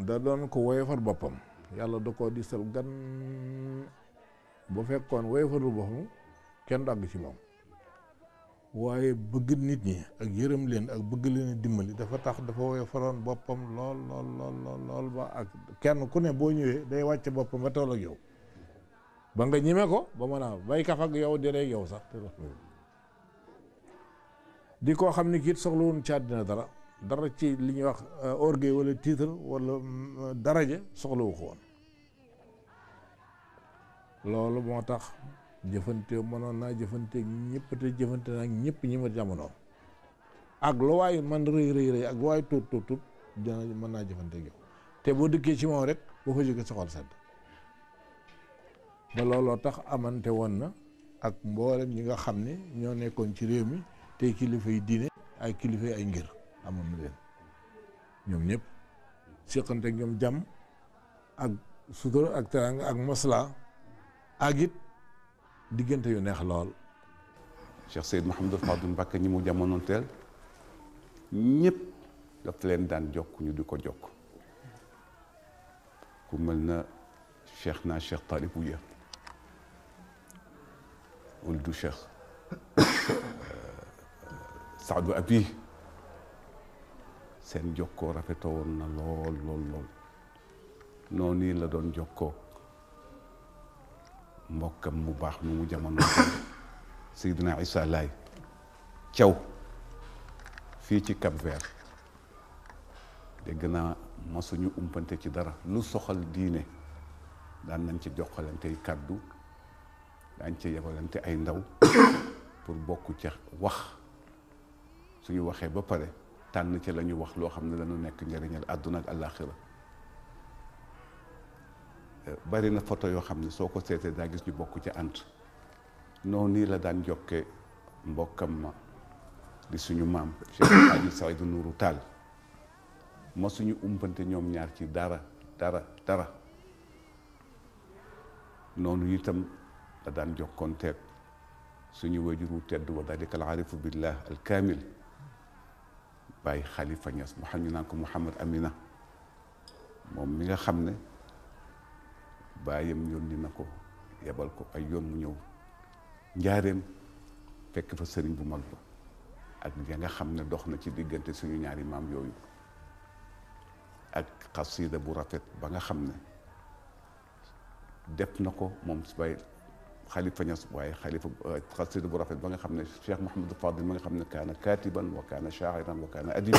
da doon ko woyofal boppam yàlla da koo diisal gan bu fekkoon woyofalu boppam kenn du ci moom waaye bëgg nit ñi ak yërëm leen ak bëgg leen dimbali dafa tax dafa woyofaloon boppam lool lool lool lool ba ak kenn ku ne boo ñëwee day wàcce boppam ba toll ak yow ba nga ñime ko ba mën a bay kaf yow di rey yow sax mm. di koo xam ni kiit soxla ci àddina dara dara ci li ñuy wax euh, orgueil wala titre wala mm, euh, daraja soxlawu ko woon loolu moo tax jëfante mënoon naa jëfante ñëpp te jëfante nag ñëpp ñi ma jamono ak lu waayu man rëy rëy ak lu waayu tuut tuut tuut dina mën naa jëfante gi te boo dikkee ci moom rek boo fa jógee soxal sedd ba looloo tax amante woon na ak mboolem ñi nga xam ni ñoo nekkoon ci réew mi te kilifa yi diine ay kilifa yi ay ngir amoon na leen ñoom ñëpp seqante ak ñoom jàmm ak sudur ak tàng ak masla ak it diggante yu neex lool Cheikh Seyd Mahamadou Fadou Mbacké ñi mu jamonoon teel ñëpp daf leen daan jokk ñu di ko jokk ku mel na cheikh naa cheikh Talib Ouya wul du cheikh Saadou Abi seen jokkoo rafetoo woon na lool lool lool noonu la doon jokkoo mbokkam mu baax nu mu jamono Seydina Issa Laye caw fii ci Cap Vert dégg naa ma masuñu umpante ci dara lu soxal diine daan nañ ci joxalante kàddu daañ ci yebalante ay ndaw pour bokk ca wax suñu waxee ba pare tànn ci la ñu wax loo xam ne dana nekk njëriñal àdduna ak àllaaxira bari na photo yoo xam ne soo ko seetee daa gis ñu bokk ci ant noonu nii la daan jokkee mbokkam ma di suñu maam Cheikh Hadji Seydou Nourou Tall ma suñu umpante ñoom ñaar ci dara dara dara noonu itam la daan jokkoonteeg suñu wajuru tedd wa dalika al arifu billah al kaamil Baye Khalifa Niass mu xam ñu naan Amina moom mi nga xam ne baayam yónni na ko yebal ko ay yoon mu ñëw njaareem fekk fa sëriñ bu mag ba ak ya nga xam dox na ci diggante suñu ñaari maam yooyu ak xasida bu rafet ba nga xam def na ko moom خليفه نياس بواي خليفه آه، قصيد ابو رافد بن خمنا الشيخ محمد الفاضل بن خمنا كان كاتبا وكان شاعرا وكان اديبا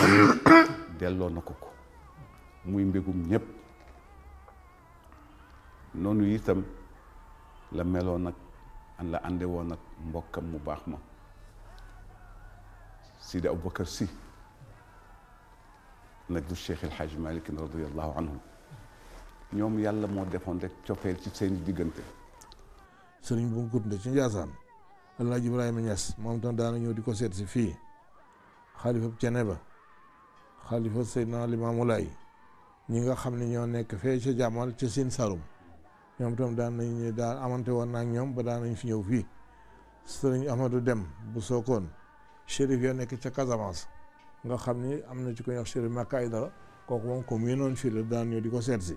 ديلو نكوكو موي مبيغوم نيب نونو يتم لا ميلو نك ان لا اندي و نك مبوكم مباخما سيدي ابو بكر سي نجد الشيخ الحاج مالك رضي الله عنه يوم يلا مو ديفون ديك تشوفيل سي سين ديغنتي sëriñ bu mu kutnde ci Njaasaan Alaaji Ibrahima Ñas moom tam daana ñëw di ko seet fii xalifa cene ba xalifa Seydina Limaamu Laay ñi nga xam ne ñoo nekk fee ca jàmmal ca Siin Saalum ñoom tam daan nañ daan amante woon naa ñoom ba daan nañ fi ñëw fii sëriñ Ahmadou Dem bu Sookoon chérif ya nekk ca Casamance nga xam ni am na ci ko ñuy wax chérif Makka Aydara kooku moom ko mu noonu di ko seet si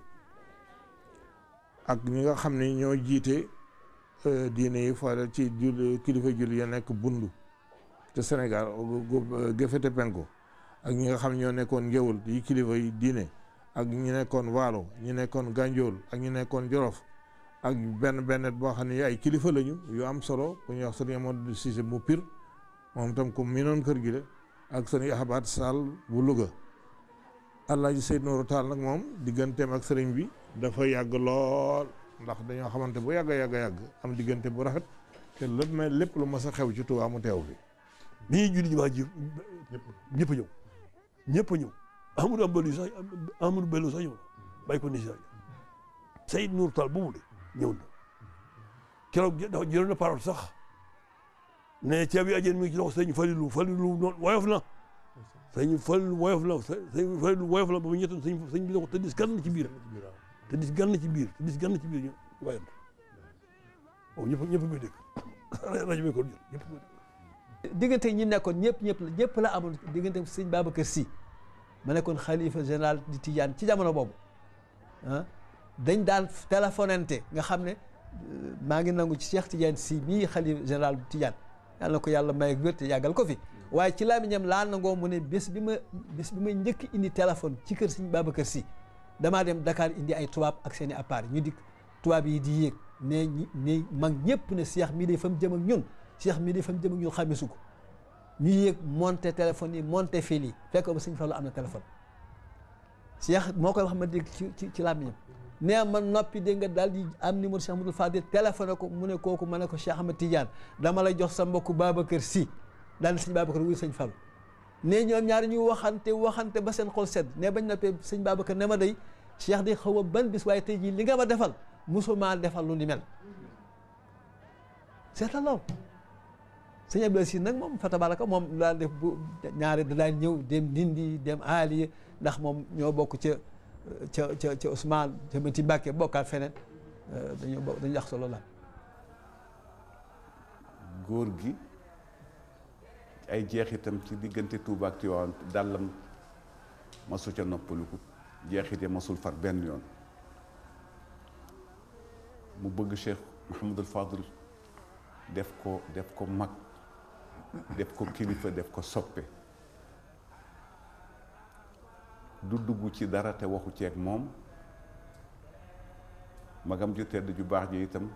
ak ñi nga xam ne ñoo jiite Euh, diine yi foofu ci jul kilifa jul ya nekk bundu te Sénégal géfete euh, penko ak ñi nga xam ñoo nekkoon ngéwul yi kilifa yi diine ak ñu nekkoon waalo ñu nekkoon gànjool ak ñu nekkoon jorof ak benn benn boo xam ne ay kilifa lañu yu am solo ku ñuy wax sëriñ Amadou Cissé mu pir moom tam ku miinoon kër gi la ak sëriñ Ahabaat Sall bu Louga Alaaji Seydou Nourou Tall nag moom digganteem ak sëriñ bi dafa yàgg lool ndax dañoo xamante bu yàgg a yàgg a yàgg am diggante bu rafet te lépp mais lépp lu mas a xew ci Tuubaa mu teew fi bi ñuy julli ji baax ji ñëpp a ñëw ñëpp a ñëw Amadou am bëlu sax Amadou bëlu sax ñëw na bàyyi ko ni sax Seyd Nour Tall boobu de ñëw na keroog jëloon na parole sax ne ceeb yi ajeen mi ngi ci loxo sëñ Falilou Falilou noonu woyof na sëñ Falilou woyof na sëñ Falilou woyof na ba mu ñettoon sëñ bi ne ko tëddis kan ci biir te dis na ci biir te dis gan na ci biir ñu waayoon moom ñëpp ñëpp koy ñëpp koy dégg diggante ñi nekkoon ñëpp ñëpp la ñëpp la amoon diggante sëñ Babacar Sy ma nekkoon xalifa général di Tidiane ci jamono boobu ah, dañ daan téléphonante nga xam ne euh, maa ngi nangu ci Cheikh Tidiane Sy mii xalifa général di Tidiane yàlla na ko yàlla may ak te yàggal ko fi waaye ci làmmiñam laa nangoo mu ne bés bi ma bés bi may njëkk indi téléphone ci kër sëñ Babacar Sy damaa dem Dakar indi ay tubaab ak seeni i appareil ñu dikk tubaab yi di yéeg ne ne mag ñëpp ne Cheikh mii de fam mu jëm ak ñun Cheikh mii de fam mu jëm ak ñun xamisu ko ñu yéeg monté téléphone yi monte fil yi fekk ba Sëñ Fallu am na téléphone Cheikh moo koy wax ma dégg ci ci ci làmmiñam nee man noppi dégg nga daal di am numéro Cheikh Amadou Fadil téléphoné ko mu ne kooku ma ne ko Cheikh ma Tidiane dama lay jox sa mbokku Babacar Sy daal di sëñ Babacar wuy sëñ Fallu ne ñoom ñaar ñu waxante waxante ba seen xol sedd ne bañ noppee sëñ Babacar ne ma day Cheikh di xaw a ban bis waaye tey jii li nga ma defal musuma defal lu ni mel seeta lool sëñ Abdou Aziz nag moom fa moom daal def bu ñaare da daan ñëw dem Ndindi dem Aliya ndax moom ñoo bokk ca ca ca ca Ousmane ca Mati Mbàkke bokkaat feneen euh, dañoo bokk dañu jax solo la góor gi ay jeexitam ci digënté Touba ak Tiwaawan dàllam masu ca noppaluku jeexite ma sul far ben yoon mu bëgg Cheikh Al Fadl def ko def ko mag def ko kilifa def ko soppe du dugg ci dara te waxu ci ak mom magam ju tedd ju bax ji itam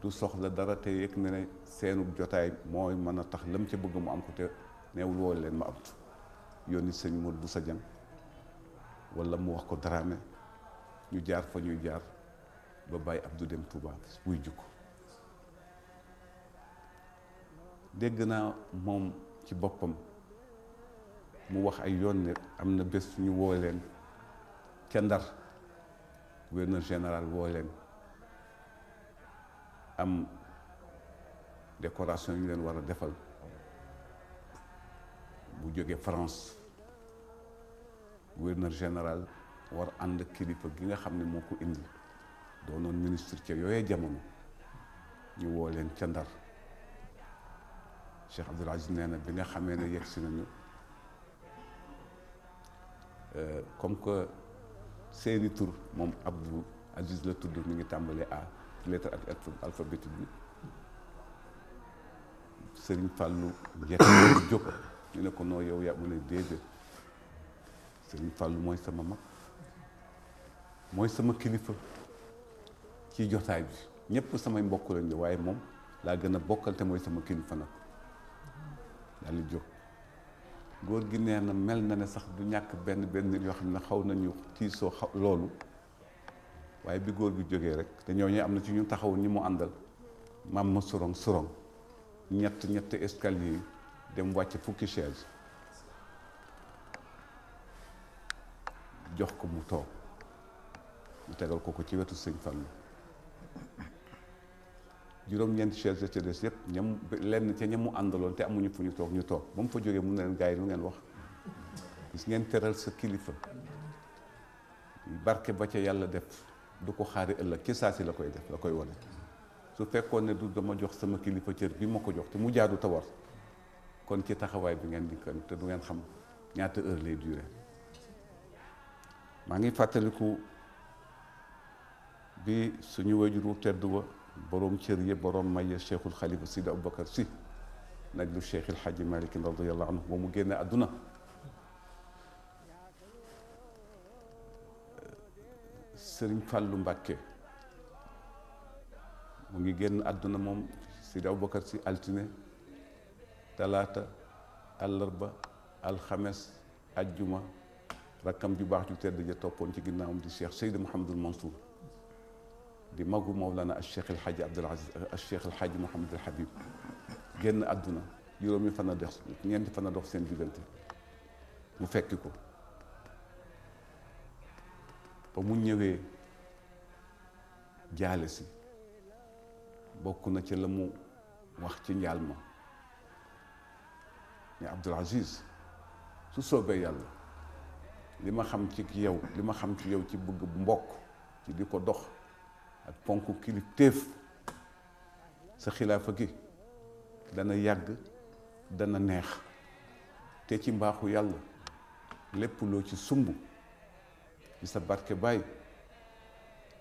du soxla dara te yek na ne seenu jotay moy mën tax lam ci bëgg mu am ko te neewul wol leen ma amut yoni sëñ Modou Boussa Dieng wala mu wax ko Dramé ñu jaar fa ñu jaar ba bay Abdou dem Touba buy juk dégg na mom ci bopam mu wax ay yoon amna bés ñu wolen ci Ndar gouverneur général wolen am décoration yu leen war a defal bu jóge France gouverneur général war ànd kilifa gi nga xam ne moo ko indi doonoon ministre ca yooyee jamono ñu woo leen ca Ndar Cheikh Abdoul Aziz nee bi nga xamee ne yegg si nañu euh, comme que seeni tur moom Abdou Aziz la tudd mu ngi tàmbalee a lettre alphabétique bi Serigne Fallou Ndiakhate Diop ñu ne ko non yow ya mu ne déedéet Serigne Fallou mooy sama mag mooy sama kilifa ci jotaay bi ñëpp samay mbokk lañ la waaye moom laa gën a bokkal mooy sama kilifa nag daal di jóg góor gi nee na mel na ne sax du ñàkk benn benn yoo xam ne xaw nañu tiisoo xaw loolu. waaye bi góor gi jógee rek te ñoo ñooñu am na ci ñu taxaw ñi mu àndal am ma sorong sorong ñett ñett escalier dem wàcc fukki chaise jox ko mu toog mu tegal ko ko ci wetu sëñ Fallu juróom-ñeenti chaise ca des yëpp ñam lenn ca ñam mu àndaloon te amuñu fu ñu toog ñu toog ba mu fa jógee mun na leen gars lu ngeen wax gis ngeen teral sa kilifa barke ba ca yàlla def du ko xaari ëllëg ci saa si la koy def la koy wane su fekkoon ne du dama jox sama kilifa cër bi ma ko jox te mu jaadu tawar kon ci taxawaay bi ngeen di kon te du ngeen xam ñaata heure lay duré maa ngi fàttaliku bi suñu wajuru tedd wa boroom cër yi boroom maye cheikhul xalifa sidi aboubacar si naj lu cheikh il xaji malikin radiallahu anhu ba mu génne àdduna sëriñ fàllu mbàkke mu ngi génn àdduna moom sidi abubakar si altine talaata àllarba alxames ajjuma rakkam ju baax ju tedd ja toppoon ci ginnaawam di cheikh seydi mouhamadul mansour di magu mawlana al cheikh alxaaji abdul aziz al cheikh alxaaji mouhamadul habib génn àdduna juróomi fan a dox ñeenti fan a dox seen diggante mu fekki ko ba mu ñëwee jaale si bokk na ci la mu wax ci njaal ma ne Abdul Aziz su soobee yàlla li ma xam ci yow li ma xam ci yow ci bëgg mbokk ci di ko dox ak ponk kilif téef sa xilaafa gi dana yàgg dana neex te ci mbaaxu yàlla lépp loo ci sumb ci sa barke baay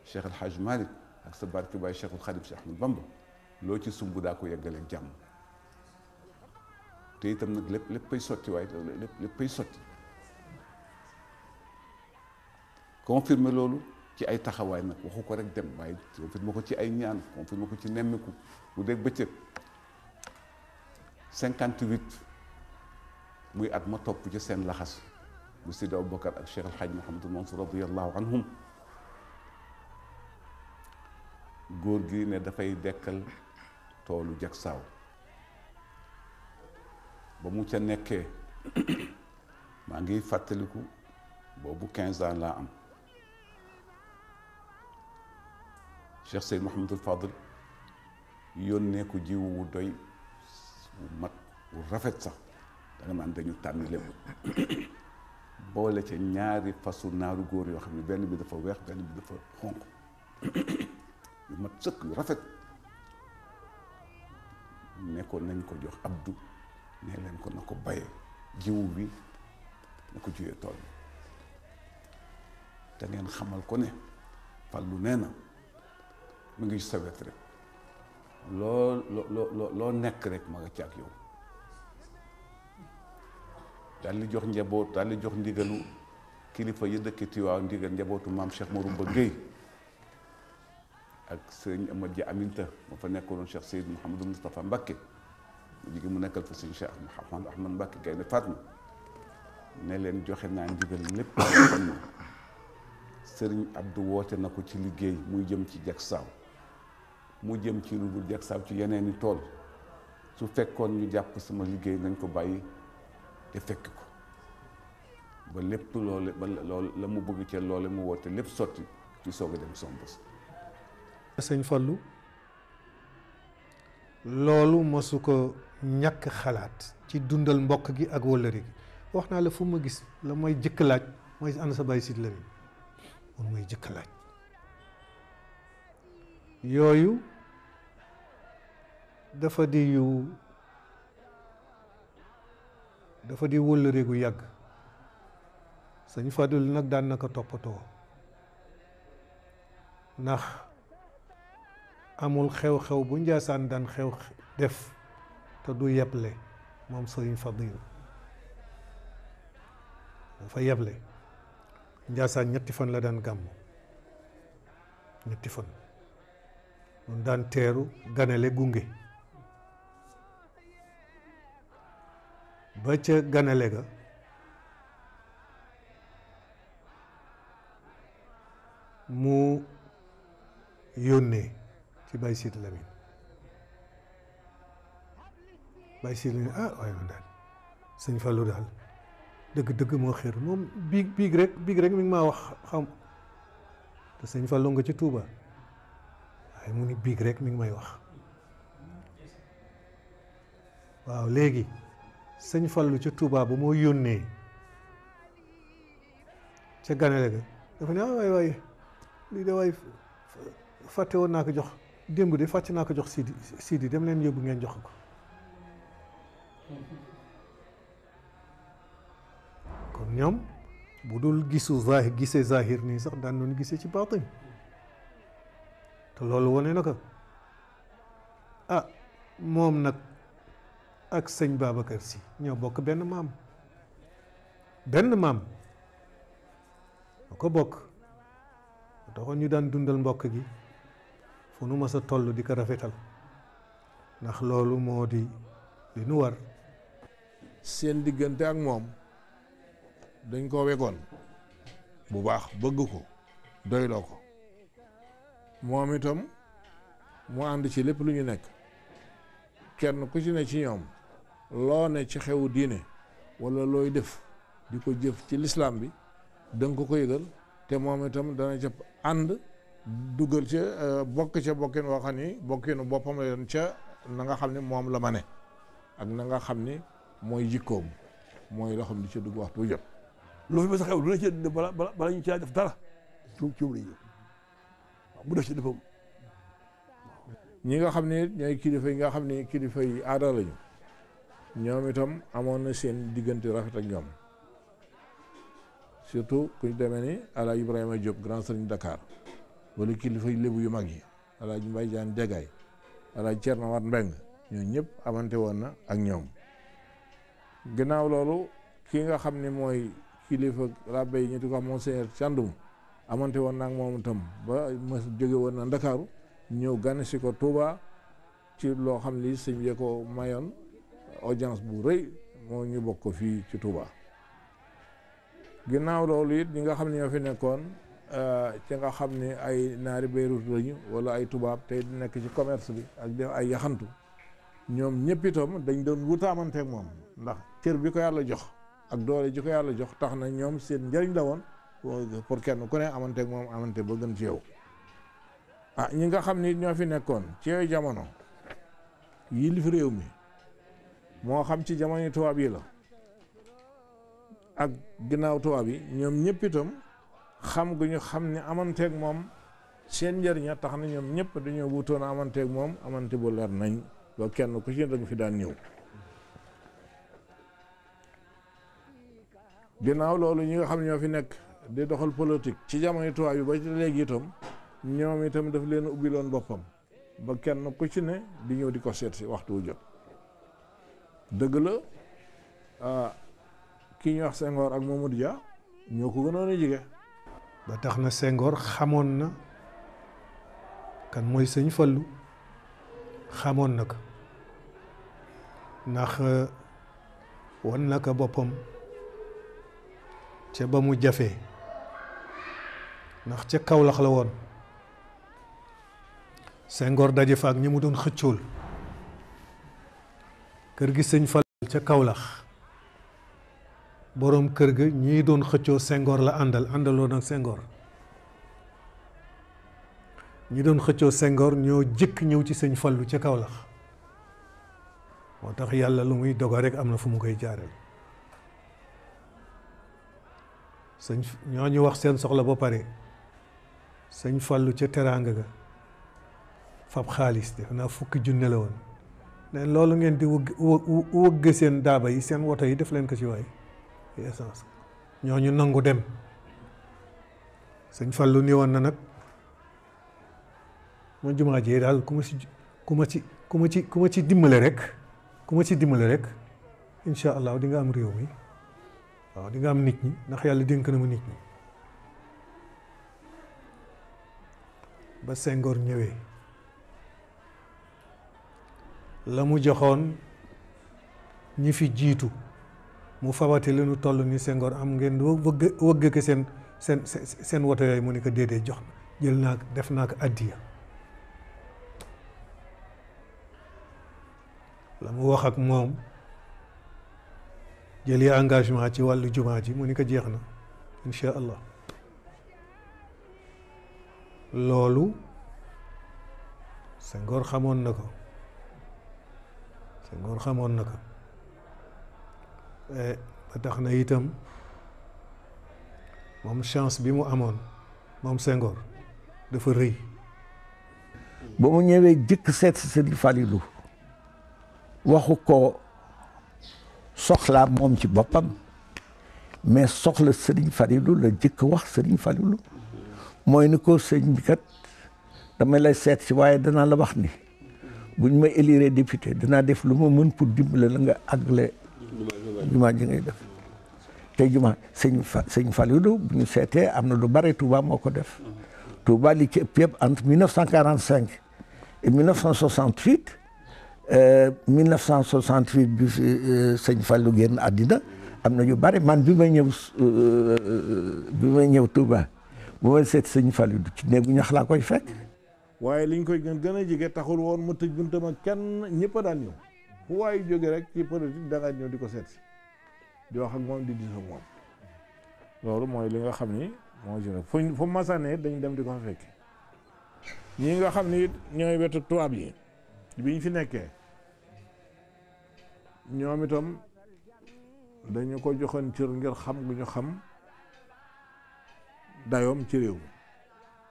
Cheikh El Hadj ak sa barke baay cheikhul xadim si ahmad bamba loo ci sumb daa ko yeggaleeg jàmm te itam nag lépp léppay sotti waaye lépp léppay sotti confirmer loolu ci ay taxawaay nag waxu ko rek dem waaye confirmer ko ci ay ñaan confirmer ko ci nemmiku bu dee bëccëg cinquante huit muy at ma topp ci seen laxas bu Sidi Aboubacar ak Cheikh Alhaj Mouhamadou Mansour radiallahu anhum góor gi ne dafay dekkal toolu jagsaaw ba mu ca nekkee maa ngi fàttaliku boobu quinze ans laa am Cheikh Seyd Mouhamadul Fadl yónnee ko jiwu wu doy wu mat wu rafet sax danga naan dañu tànn lépp boole ca ñaari fasu naaru góor yoo xam ne benn bi dafa weex benn bi dafa xonq yu mat sëkk yu rafet nekkoon nañ ko jox Abdou nee leen ko na ko baye jiwu bi na ko jiyee tool bi te ngeen xamal ko ne Fallou nee na mu ngi sa wet rek loo loo loo nekk rek ma nga ci yow daal di jox njaboot daal di jox ndigalu kilifa yi dëkk Tiwaawan ndigal njabootu maam Cheikh Maroumba Guèye ak serigne Amad Dia Aminta ma fa nekkaloon Cheikh Seyd Mouhamadou Moustapha Mbacké mu jigi mu nekkal fa serigne Cheikh Mouhamadou Ahmad Mbacké Gaynde Fatma ne leen joxe naa ndigal lépp xam na sëriñ Abdou woote na ko ci liggéey muy jëm ci Jaksaaw mu jëm ci lu dul Jaksaaw ci yeneeni tool su fekkoon ñu jàpp sama liggéey nañ ko bàyyi te fekk ko ba lépp loole ba lool la mu bëgg ca loole mu woote lépp sotti ci soog a dem sombos sëñ Fallu loolu mosu ko ñàkk xalaat ci dundal mbokk gi ak wëllëri gi wax naa la fu ma gis la mooy jëkk laaj mooy ana sa bàyyi la Lamine moom mooy jëkk laaj yooyu dafa di yu dafa di wëllëri gu yàgg sëñ Fadul nag daan na ko toppatoo ndax amul xew-xew bu njaasaan daan xew def te du yeble moom sëriñ Fadil dafa yeble njaasaan ñetti fan la daan gàmmu ñetti fan mun daan teeru ganale gunge ba ca ganale ga mu yónnee ci Baye Sidi Lamine Baye Sidi Lamine ah waaye man daal sëñ Fallou daal dëgg-dëgg moo xir moom biig biig rek biig rek mi ngi maa wax xam sëñ Fallou nga ci Touba mu ni biig rek mi ngi may wax waaw léegi sëñ Fallou ci Touba ba moo yónnee ca ganale ga dafa ne ah waay waay lii de waay fàtte woon naa ko jox démb de fàcc naa ko jox Sidi Sidi dem leen yóbbu ngeen jox ko kon ñoom bu dul gisu zahir gisee zahir nii sax daan doon gisee ci baatin te loolu wane na a ah, moom nag ak sëñ Babacar si ñoo bokk benn maam benn maam ñoo ko bokk taxoon ñu daan dundal mbokk gi fu nu mës a toll di ko rafetal ndax loolu moo di li nu war seen diggante ak moom dañ koo wegoon bu baax bëgg ko doyloo ko moom itam mu ànd ci lépp lu ñu nekk kenn ku ci ne ci ñoom loo ne ci xewu diine walla looy def di ko jëf ci lislaam bi danga ko ko yëgal te moom itam dana jëpp ànd dugal ci eh, bokk ci bokkin woo xam ni bokkinu boppam la yon ca na nga xamni mom la mané ak na nga xamni moy mooy moy mooy loo xam di ca dugg waxtu jot fi ma sa xew lu ne ci bala bala ñu ci def dara ci ci wuri waaw mu def ci defam ñi nga xamni ñay kilifa yi nga xamni kilifa yi aada lañu ñom itam amoon na seen digënté rafet ak ñom surtout ku démé ni Ala Ibrahima Diop grand serigne Dakar wala kilifa yu lébu yu mag yi alaaji mbay jaan jagaay alaaji cerno wat mbeng ñoo ñëpp amante woon na ak ñoom gannaaw loolu ki nga xam ni mooy kilifa rabbe yi ñu di ko wax monseigneur Thiandoum amante woon na ak moom itam ba ma jóge na ndakaaru ñëw gane si ko Touba ci loo xam li sëñ ko mayoon audience bu rëy moo ñu bokk fii ci Touba ginnaaw loolu it ñi nga xam ne ñoo fi nekkoon te euh, nga xam ne ay naari Beirut lañu wala ay tubaab te nekk ci commerce bi ak def ay yaxantu ñoom ñëpp itam dañ doon wutaamanteeg moom ndax cër bi ko yàlla jox ak doole ji ko yàlla jox tax na ñoom seen njëriñ la woon pour kenn ku ne amanteeg moom amante ba gën ci yow ah ñi nga xam ni ñoo fi nekkoon ci jamono jamono yilif réew mi moo xam ci jamono tubaab yi la ak ginnaaw tubaab yi ñoom ñëpp itam xam gu ñu xam ne amanteeg moom seen njëriña tax na ñoom ñëpp dañoo wutoon amanteeg moom amante bu leer nañ ba kenn ku ci danga fi daan ñëw ginnaaw loolu ñi nga xam ñoo fi nekk di doxal politique ci jamono tubaab yi ba ci léegi itam ñoom itam daf leen ubbiloon boppam ba kenn ku ci ne di ñëw di ko seet si waxtu wu jot dëgg la ah, kii ñu wax Senghor ak Mamadou Dia ñoo ko gënoon a jige ba tax na Senghor xamoon na kan mooy sëñ Fallu xamoon na ko ndax eh, won na boppam ca ba mu jafee ndax ca Kawlax la woon Senghor daje fa ak ñi mu doon xëccool kër gi sëñ Fallu ca Kawlax boroom kër gi ñii doon xëccoo sengoor la àndal àndaloon ak sengoor ñi doon xëccoo sengoor ñoo jëkk ñëw ci sëñ Fallu ca Kawlax moo tax yàlla lu muy dogal rek am na fu mu koy jaareel sëñ ñoo ñu wax seen soxla ba pare sëñ Fallu ca teraanga ga fab xaalis def naa fukki junne la woon ne loolu ngeen di wëgg wëgg seen daaba yi seen woto yi def leen ko ci waaye ci essence ñu nangu dem señ fallu ni won na nak mo juma kumaci dal kuma ci kuma ci kuma ci kuma ci dimbalé rek kuma ci dimbalé rek insha di nga am réew mi waaw di nga am nit ñi nak yalla denk na mu nit ñi ba sengor ñëwee lamu joxone ñi fi jitu mu fabate lenu tollu ni sengor am ngeen wëgg wëgg ke sen sen sen woto yoy mu ne ko jox jël nak def nak adiya la mu wax ak jël ya engagement ci walu juma ji mu ni ko insha allah lolou sengor xamone nako sengor xamone nako ba tax na itam moom chance bi mu amoon moom Senghor dafa rëy ba mu ñëwee jëkk seet si Serigne waxu ko soxlaa moom ci boppam mais soxla Serigne Falilou la jëkk wax Serigne Falilou mooy ni ko sëñ bi kat damay lay seet ci waaye danaa la wax ni buñ ma élire député danaa def lu ma mën pour dimbale la nga àggale jumaa ji ngay def te jumaa sëñ fa sëñ Falilou bu ñu seetee am na lu bare Touba moo ko def Touba li ci ëpp yëpp entre 1945 et 1968 1968 euh, bi euh, sëñ Falilou génn àddina am na ju bare man bi ma ñëw euh, bi ma ñëw Touba bu ma seet sëñ yu ci néegu ñax laa koy fekk waaye liñ koy gën gën a jege taxul woon mu tëj buntam kenn ñëpp daan ñëw fu waay jóge rek ci politique da nga ñëw di ko set si di wax ak moom di diso moom loolu mooy li nga xam ni moo jël fu fu masanee dañ dem di ko fa fekke ñi nga xam ni ñooy wetu tubaab yi bi ñu fi nekkee ñoom itam dañu ko joxoon cir ngir xam gu xam dayoom ci réew mi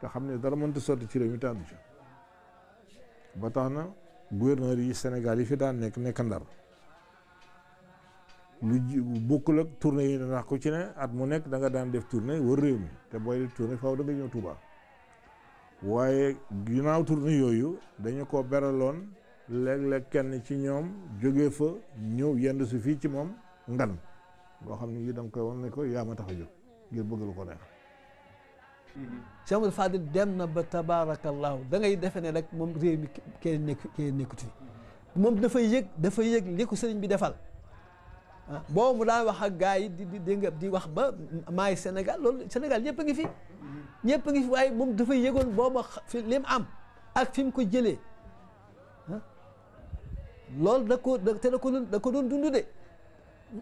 te xam ne dara mënta sotti ci réew mi tànn ci ba tax na gouverneur yi senegal yi fi daan nekk nekk ndar lu bokkul ak tournée yi ndax ko ci ne at mu nekk da nga daan def tournée war réew mi te booy def tournée faaw ñëw Touba waaye ginaaw tournée yooyu dañu ko beraloon léeg-léeg kenn ci ñoom jóge fa ñëw yenn si fii ci moom ngan boo xam ne yi da koy wan ne ko yaa ma tax a jóg ngir bëgg lu ko neex Mm-hmm. Cheikh Amadou Fadil dem na ba tabaarakallaahu da ngay defe ne rek moom réew mi kee nekk kee mm-hmm. moom dafa yëg dafa yëg li ko sëriñ bi defal ah, boobu mu daan wax ak gaa yi di di di wax ba maay senegal lool senegal ñëpp a ngi fi. Mm-hmm. ñëpp a ngi fi waaye moom dafa yëgoon booba fi li mu am ak fi mu ko jële ah, loolu da ko te da ko doon da dund de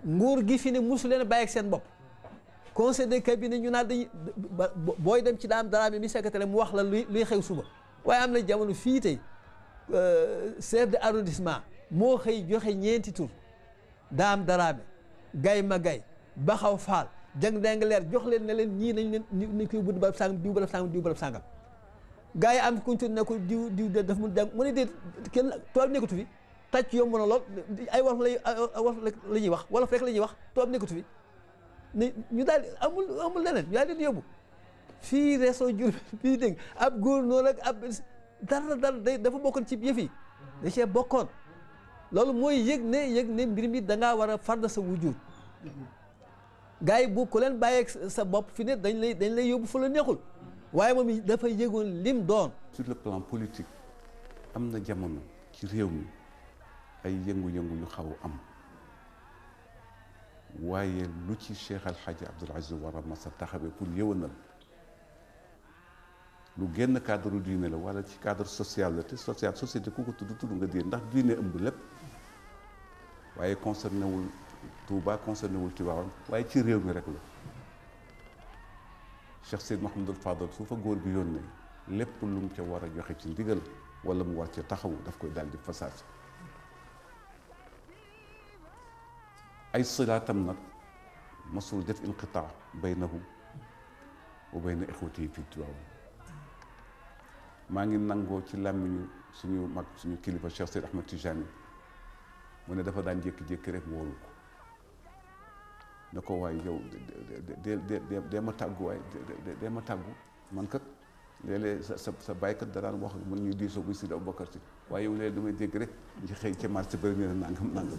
nguur gi fi ne mosu leen bàyyi ak seen bopp. conseil de cabinet ñu naan dañuy booy dem ci daam daraame mi secrétaire mu wax la luy luy xew suba waaye am na jamono fii tey euh, chef de arrondissement moo xëy joxe ñeenti tur daam daraame gay ma gay baxaw faal jang deng leer jox leen ne leen ñii nañ leen nañ koy budd barab sàngam diw barab sàngam diw barab sàngam gars yi am kuñ tudd ne ko diw diw de daf mun jàng mu ne déet kenn tubaab nekkatu fi tàcc yomb na lool ay wolof lay ay wolof la ñuy wax wolof rek la ñuy wax tubaab nekkatu fi ñu daal amul amul leneen ñu daal di yóbbu fii réseau jur fii dégg ab góor noonu ak ab dara dara dafa bokkoon ci yëf yi da bokkoon loolu mooy yëg ne yëg ne mbir mi da ngaa war a farda sa wujud gars yi bu ku leen bàyyeeg sa bopp fi ne dañ lay dañ lay yóbbu fu la neexul waaye moom dafa yëgoon lim doon sur le plan am na jamono ci réew ay yëngu-yëngu yu xaw am waaye lu ci cheikh alxaaji abdul aziz war a masa taxawee pour yëwanal lu génn cadre diine la wala ci cadre social la te social société ku ko tudd tudd nga diine ndax diine ëmb lépp waaye concerné wul Touba concerné wul Tivaouane waaye ci réew mi rek la Cheikh Seyd Mouhamadul Fadal su fa góor gi yónnee lépp lu mu ca war a joxe ci ndigal wala mu war ca taxawu daf koy daal di fasaase ay silaatam nag masul def inqitaa baynahum wa bayna ixwatihi fi Tiwaawan maa ngi nangoo ci làmmiñu suñu mag suñu kilifa Cheikh Seyd Ahmed Tijani mu ne dafa daan jékki-jékki rek wóolu ko ne ko waaye yow de de de ma tàggu waaye de ma tàggu man kat léeg-léeg sa sa sa baykat da daan wax mën ñuy diisoo bu Sidi Aboubacar si waaye yow léeg damay dégg rek ci xëy ca marché bëri nee na nangam nangam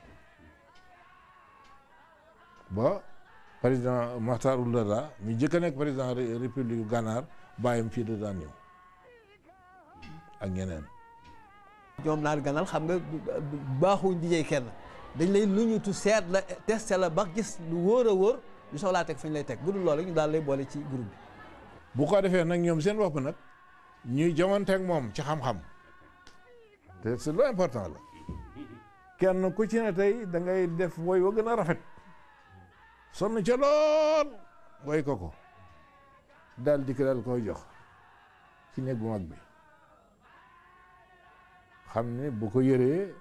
ba président Matar Ould Dara mi njëkk a nekk président république Ganaar bàyyam fii da daan ñëw ak ñeneen. ñoom naar ganal xam nga baaxuñ di kenn dañ lay lu tu seet la testé la ba gis lu wóor a wóor ñu soxlaa teg fi lay teg bu dul loolu ñu daal lay boole ci groupe bi. bu ko defee nag ñoom seen bopp nag ñuy jamanteeg moom ci xam-xam te c'est lu important la kenn ku ci ne tey da ngay def woy wa gën a rafet. sonn ca lool way ko ko daal dikk daal koy jox ci néeg bu mag bi xam ne bu ko yëree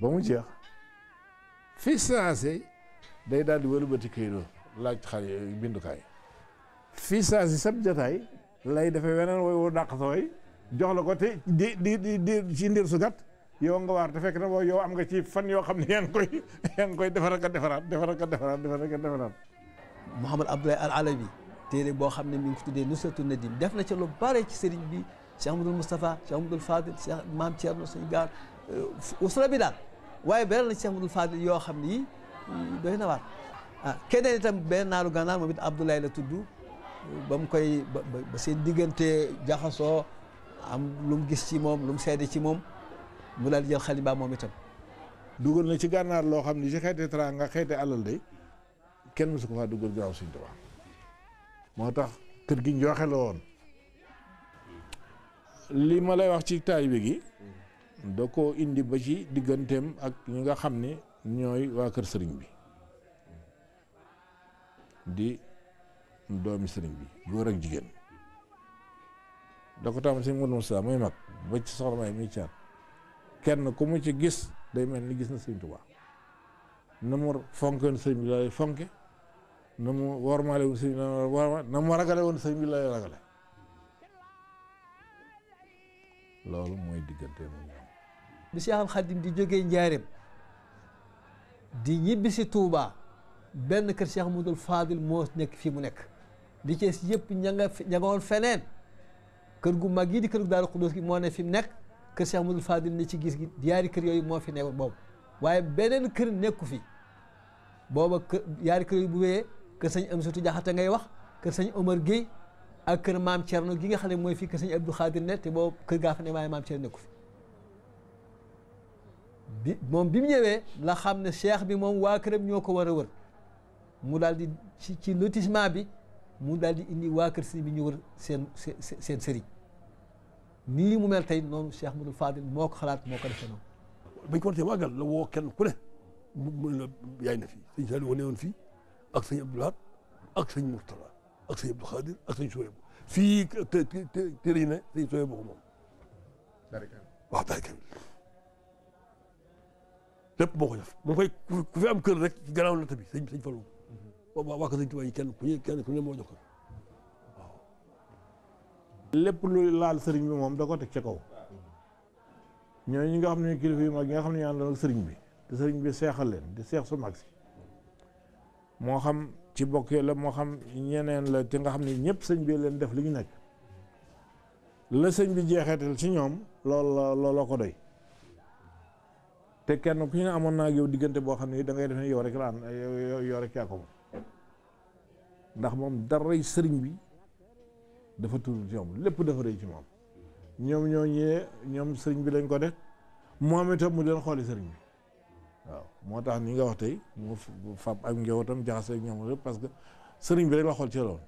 ba mu jeex fi saase day daal di wëlbati këyitoo laaj xale bindukaay fi saase sab jataay lay dafa weneen way wu dàq sa jox la ko te di di di ci ndir su gàtt yow nga waar te fekk na boo yow am nga ci fan yoo xam ne yaa ngi koy yaa ngi koy defar ak a defaraat defar ak a defaraat defar ak a defaraat Mouhamad Abdoulaye Al téere boo xam ne mu ngi ko tuddee Nusratu Nadim def na ci lu bare ci sëriñ bi Cheikh Amadou Moustapha Cheikh Amadou Fadil Cheikh Maam Thierno suñu gaar euh, usra bi daal waaye beral na Cheikh Amadou Fadil yoo xam ni yi doy na waar ah keneen itam benn naaru gànnaar moom it Abdoulaye la tudd ba mu koy ba seen diggante jaxasoo am lu gis ci moom lu mu ci moom mu daal di jël xalima moom itam dugal na ci gannaar lo xamni ni si tra nga xeeti alal de kenn musu ko fa dugal graw seigne touba motax keur gi njooxe la woon li ma lay wax ci gi da ko indi ba ci digëntem ak ñi nga xamni ñoy wa kër bi di doomi sëriñ bi góor ak jigen da ko taamu si Mourou sa mooy mak ba ci soxla may kenn ku mu ci gis day mel ni gis na sëriñ Tuubaa na mu fonkoon sëriñ bi fonke na mu wormaale woon sëriñ bi ragale woon sëriñ bi lay ragale loolu mooy diggante moom ñoom bi Seexul Xaadim di jógee njaareem di ñibbi si Tuubaa benn kër Cheikh Mouhamadoul Fadil moo nekk fii mu nekk li ci yëpp ña nga ña nga woon feneen kër gu mag yi di kër gu Daaru Xudoos gi moo ne fi mu nekk kër Cheikh Amadou Fadil ne ci gis gi yaari kër yooyu moo fi nekk boobu waaye beneen kër nekku fi booba kër yaari kër yooyu bu wéyee kër sëñ Amsatu Jaxate ngay wax kër sëñ Omar Guèye ak kër maam Thierno gi nga xam ne mooy fii kër sëñ Abdou Khadir ne te boobu kër gaa fa ne waaye maam Thierno nekku fi bi moom bi mu ñëwee la xam ne cheikh bi moom waa këram ñoo ko war a wër mu dal di ci ci lotissement bi mu daal di indi waa kër sëñ bi ñu wër seen seen seen sëriñ nii mu mel tey noonu Cheikh Ahmadou Fadil moo ko xalaat moo ko defee noonu. bañ ko wartee màggal la woo kenn ku ne mu la yaay na fii sëñ Saliou wane woon fii ak sëñ Abdou Lahad ak sëñ Mourtala ak sëñ Abdou Khadir ak sëñ Souhaïbou fii te te téere yi ne sëñ Souhaïbou ko moom. waaw barke lépp moo ko def moom koy ku fi am kër rek gannaaw la tamit sëñ sëñ Fallou. waaw waa ko sëñ Tuubaa yi kenn ku ne kenn ku ne moo jox ko. lépp lu laal sëriñ bi moom da ko teg ca kaw ñooñu ñi nga xam ne kilifa yu mag yi nga xam ne ñaan doon ak sëriñ bi te sëriñ bi seexal leen di seex su mag si moo xam ci bokk la moo xam ñeneen la te nga xam ne ñëpp sëñ bi leen def li ñu nekk la sëñ bi jeexeetal ci ñoom loolu la looloo ko doy te kenn ku ñu ne amoon naa yow diggante boo xam ne da ngay def ne yow rek laan yow rek yaa ko moom ndax moom daray sëriñ bi dafa tuuru ci moom lépp dafa rëy ci moom ñoom ñoo ñee ñoom sëriñ bi lañ ko def moom itam mu leen xooli sëriñ bi moo tax ni nga wax tey mu fab ak njabootam jaxasoo ak ñoom lépp parce que sëriñ bi rek ci loolu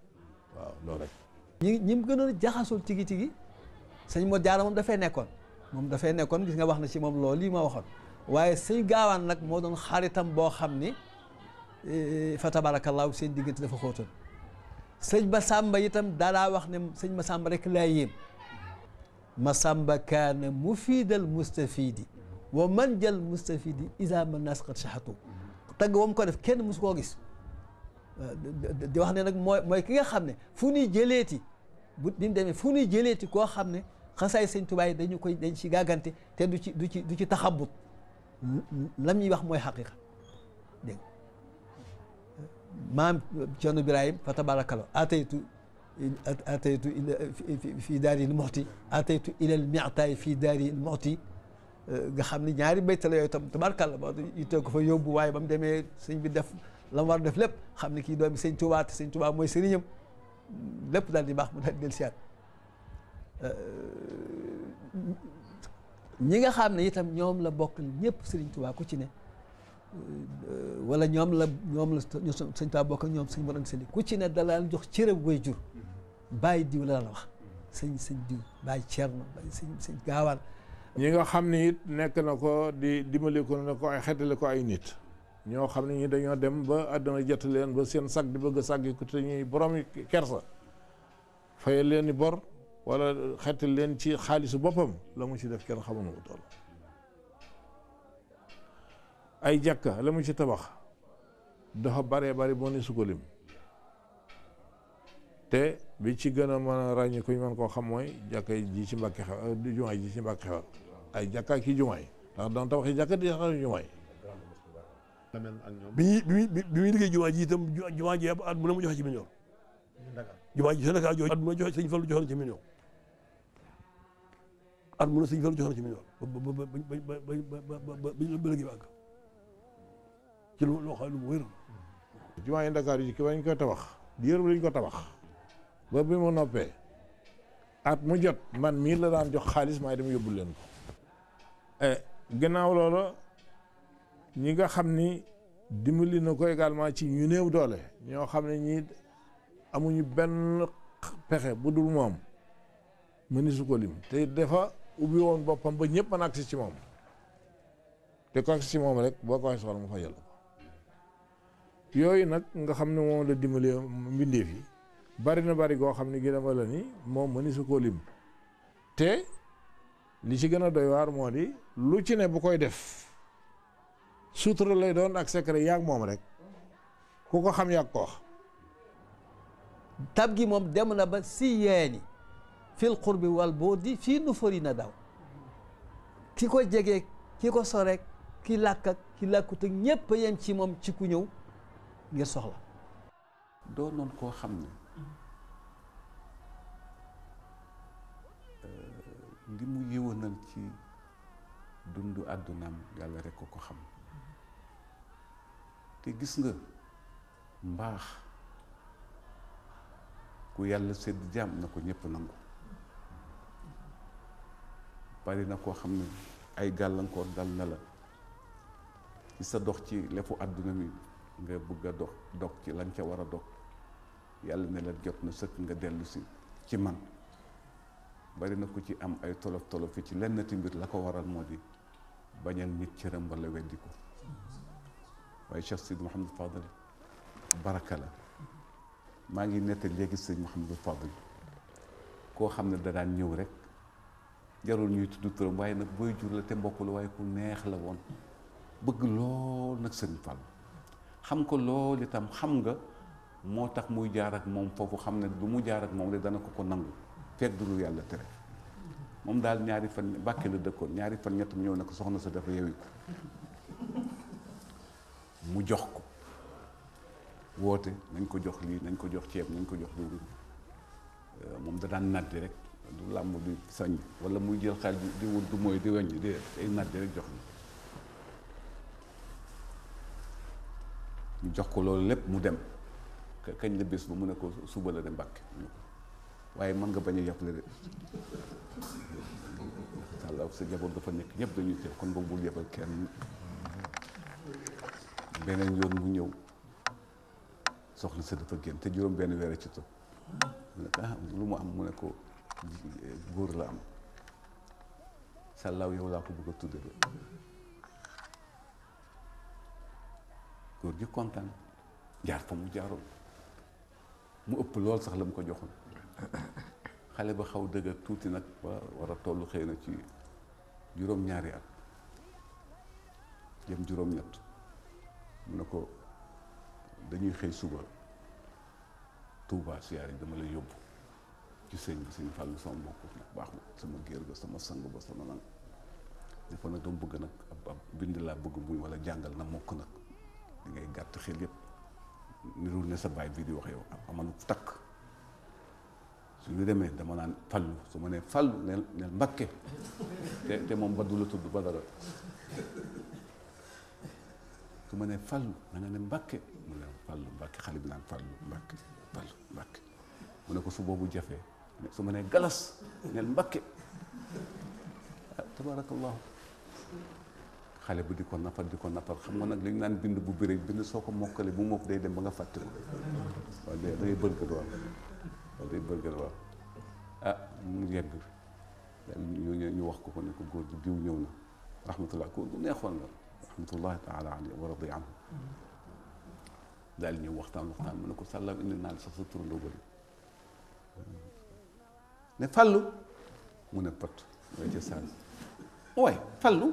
waaw loolu rek. ñi ñi mu gënoon jaxasul tigi tigi sëñ Modou Diarra moom dafay nekkoon moom dafay nekkoon gis nga wax na ci moom loolu lii ma waxoon waaye sëñ gaawaan nag moo doon xaaritam boo xam ni eh, fa tabaarakallaahu seen diggante dafa xóotoon. سيج مسامبا يتم دارا وخ نم سيج مسامبا رك لايم مسامبا كان مفيد المستفيد ومن جل المستفيد اذا ما الناس قد شحطوا تاغ وم كو كين مسكو غيس دي واخني نك موي موي كيغا خامني فوني جليتي بو دين دمي فوني جليتي كو خامني خساي سيغ توباي دانيو كو دنج سي غاغانتي تي دو سي دو سي دو سي تخبط لامي واخ موي حقيقه دي مام جانو برايم فتبارك الله أتيت أتيت إلى في دار المعطي أتيت إلى المعطى في دار المعطي خامني نياري بيت الله يتم تبارك الله بعد يتوقف في يوم بواي بام دمي سين بدف لمار دف لب خامني كي دوام سين توبا سين توبا موي سينيم لب دال دي بخ دل سيات نيغا خامني يتم نيوم لبوك نيب سين توبا كوتيني Euh, wala ñoom la ñoom la sëñ Tuubaa bokk ñoom sëñ Mor Anta Sali ku ci ne dalaal jox cere way jur mm-hmm. bàyyi diw la la wax sëñ sëñ diw bàyyi Cerno bàyyi sëñ sëñ gaawaan ñi nga xam ni it nekk na ko di dimbali ko na ko ay xetale ko ay nit ñoo xam ne ñi dañoo dem ba àdduna jot leen ba seen sag di bëgg a sàggi ku te ñuy boromi kersa fay leen i bor wala xetal leen ci xaalisu boppam la mu ci def kenn xamuñu ko ay jàkka la mu ci tabax dafa baree bari boo ne su te bi ci gën a mën a ràññi ku ñu mën koo xam mooy jàkka ji ci mbàkki xewal jumaa ji ci mbàkki xewal ay jàkka ki jumaay ndax daan tabax yi jàkka di bi ñuy bi muy liggéey jumaa ji itam jumaa ji at bu ne mu joxe ci million jumaa ji Sénégal jooju at mu ne joxe sëñ Fallu joxoon ci ci million ba ba ba ba ba ci lu loo xam lu wér. jumaa yi Ndakaar yi ki bañ koy tabax yërëm lañ ko tabax ba bi mu noppee at mu jot man mii la daan jox xaalis maay dem yóbbul leen ko. E, gannaaw loola ñi nga xam ni dimbali na ko également ci ñu néew doole ñoo xam ne ñii amuñu benn pexe bu dul moom mëni su ko lim te dafa ubbi woon boppam ba ñëpp mën agsi ci moom te ko agsi ci moom rek boo ko waxee soxla mu fajal yooyu nag nga xam ne moom la dimbali mbindeef yi bari na bari goo xam ne gi dama la ni moom mëni su koo lim te li ci gën a doy waar moo di lu ci ne bu koy def sutura lay doon ak secret yaag moom rek ku ko xam yaag ko tab gi moom dem na ba si yeeni fil qurbi wal bu'di fii nufuri na daw ki ko jege ki ko sorek ki làkk ak ki làkkut ak ñépp yem ci moom ci ku ñëw ngir soxla. doo noon koo xam ne. Euh, li mu yëwanal ci dundu àddunaam yàlla rekk ko xam te gis nga mbaax ku yàlla sedd jaam na ko ñépp nangu bari na koo xam ne ay gàllankoor dal na la ci sa dox ci lefu àdduna mi nga bugg a dox dog ci la nga ca war a dog yàlla ne la jot na sëkk nga dellu si ci man bari na ko ci am ay tolof tolof yi ci lenn ti mbir la ko waral moo di bañal nit cëram wala weddi ko waaye Cheikh Sidi Mouhamadou Fadal baraka la maa ngi nettali léegi sëñ Mouhamadou Fadal koo xam ne da daan ñëw rek jarul ñuy tudd turam waaye nag booy jur la te mbokk la waaye ku neex la woon bëgg lool nag sëñ Fall xam ko lool itam xam nga moo tax muy jaar ak moom foofu xam ne du mu jaar ak moom de dana ko ko nangu fekk du lu yàlla tere moom daal ñaari fan bàkke la dëkkoon ñaari fan ñett mu ñëw ne ko soxna sa dafa yewi ko mu jox ko woote nañ ko jox lii nañ ko jox ceeb nañ ko jox dugub euh, moom da daan naddi rek du làmb du sañ wala muy jël xaalis di wut du mooy di weññ di ay naddi rek jox na jox ko loolu lépp mu dem kañ la bés ba mu ne ko suba la dem Mbàkke waaye mën nga bañ a yàppale de sàlla sa jaboot dafa nekk ñëpp dañuy teew kon boobu bul kenn beneen yoon mu ñëw soxna sa dafa génn te juróom benn weer ci topp mu ne ko ah lu mu am mu ne ko góor la am sàllaaw yow laa ko bëgg a tudde góor gi kontaan jaar fa mu jaarul mu ëpp lool sax la mu ko joxul xale ba xaw dëgg tuuti nag ba war a toll xëy na ci juróom-ñaari at jëm juróom-ñett mu ne ko dañuy xëy suba Touba siyaar dama la yóbbu ci sëñ bi sëñ Fàllu sama mbokk nag baax ma sama géer ba sama sang ba sama nang dafa nag dama bëgg nag ab ab bind laa bëgg muy wala jàngal na mokk nag da ngay gàtt xel yëpp nirul ne sa baay bii di wax yow amalu takk su ñu demee dama naan fallu su ma nee fallu neel mbakke te te moom baddu la tudd ba dara su ma nee fallu na ne mbakke mu ne fallu mbakke xale bi naan fallu mbakke fallu mbakke mu ne ko su boobu jafee su ma nee galas neel mbakke tabaarakallahu xale bi di ko nappal di ko nappal xam nga nag li ñu naan bind bu bëri bind soo ko mokkale bu mokk day dem ba nga fàtte ko waaw day day bëgg lool waaw day bëgg lool ah mu yegg ñu ñu wax ko ko ne ko góor gi diw ñëw na rahmatullah ko du neexoon la rahmatullahi taala alayhi wa radi anhu daal ñu waxtaan waxtaan mu ne ko sàllam indi naa sax sa turandoo bëri ne fàllu mu ne pat waaye ca sànni waaye fàllu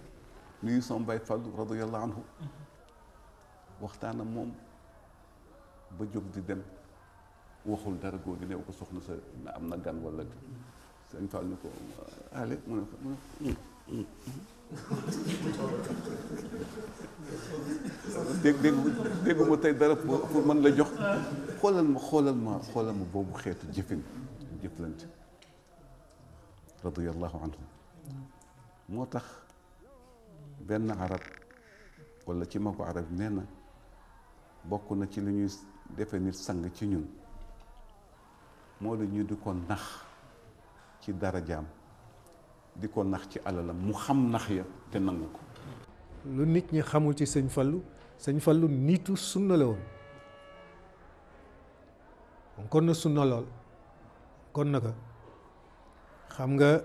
نيوسون بايفال رضي الله عنه وقتانا موم بجوك دي دم وخل دار جو دي نيو كسوخنا سا امنا نعم غان ولا سان فال نكو علي ديك ديك ديك مو تاي دار فور مان لا جوخ خولال ما خولال ما خولال ما بوبو خيتو جيفين جيفلنت رضي الله عنه موتاخ benn arab walla ci ma ko arab nee na bokk na ci li ñuy defe nit sang ci ñun moo di ñu di ko nax ci darajaam di ko nax ci alalam mu xam nax ya te nangu ko lu nit ñi xamul ci sëñ Fallu sëñ Fallu nitu sunna la na sunna lool kon naka xam nga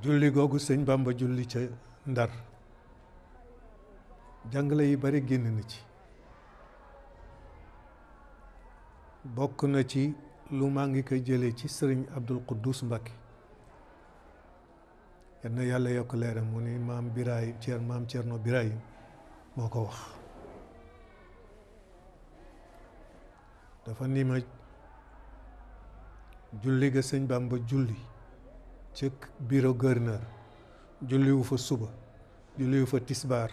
julli googu sëñ Bamba julli ca Ndar jàngale yi bari génn na ci bokk na ci lu maa ngi koy jële ci sëriñ Abdul Quddus Mbacke yenn yàlla yokk leeram mu ni maam Birahim Ceer maam Ceerno Birahim moo ko wax dafa ni ma julli ga sëñ Bamba julli ca bureau gouverneur julliwu fa suba julliwu fa tisbaar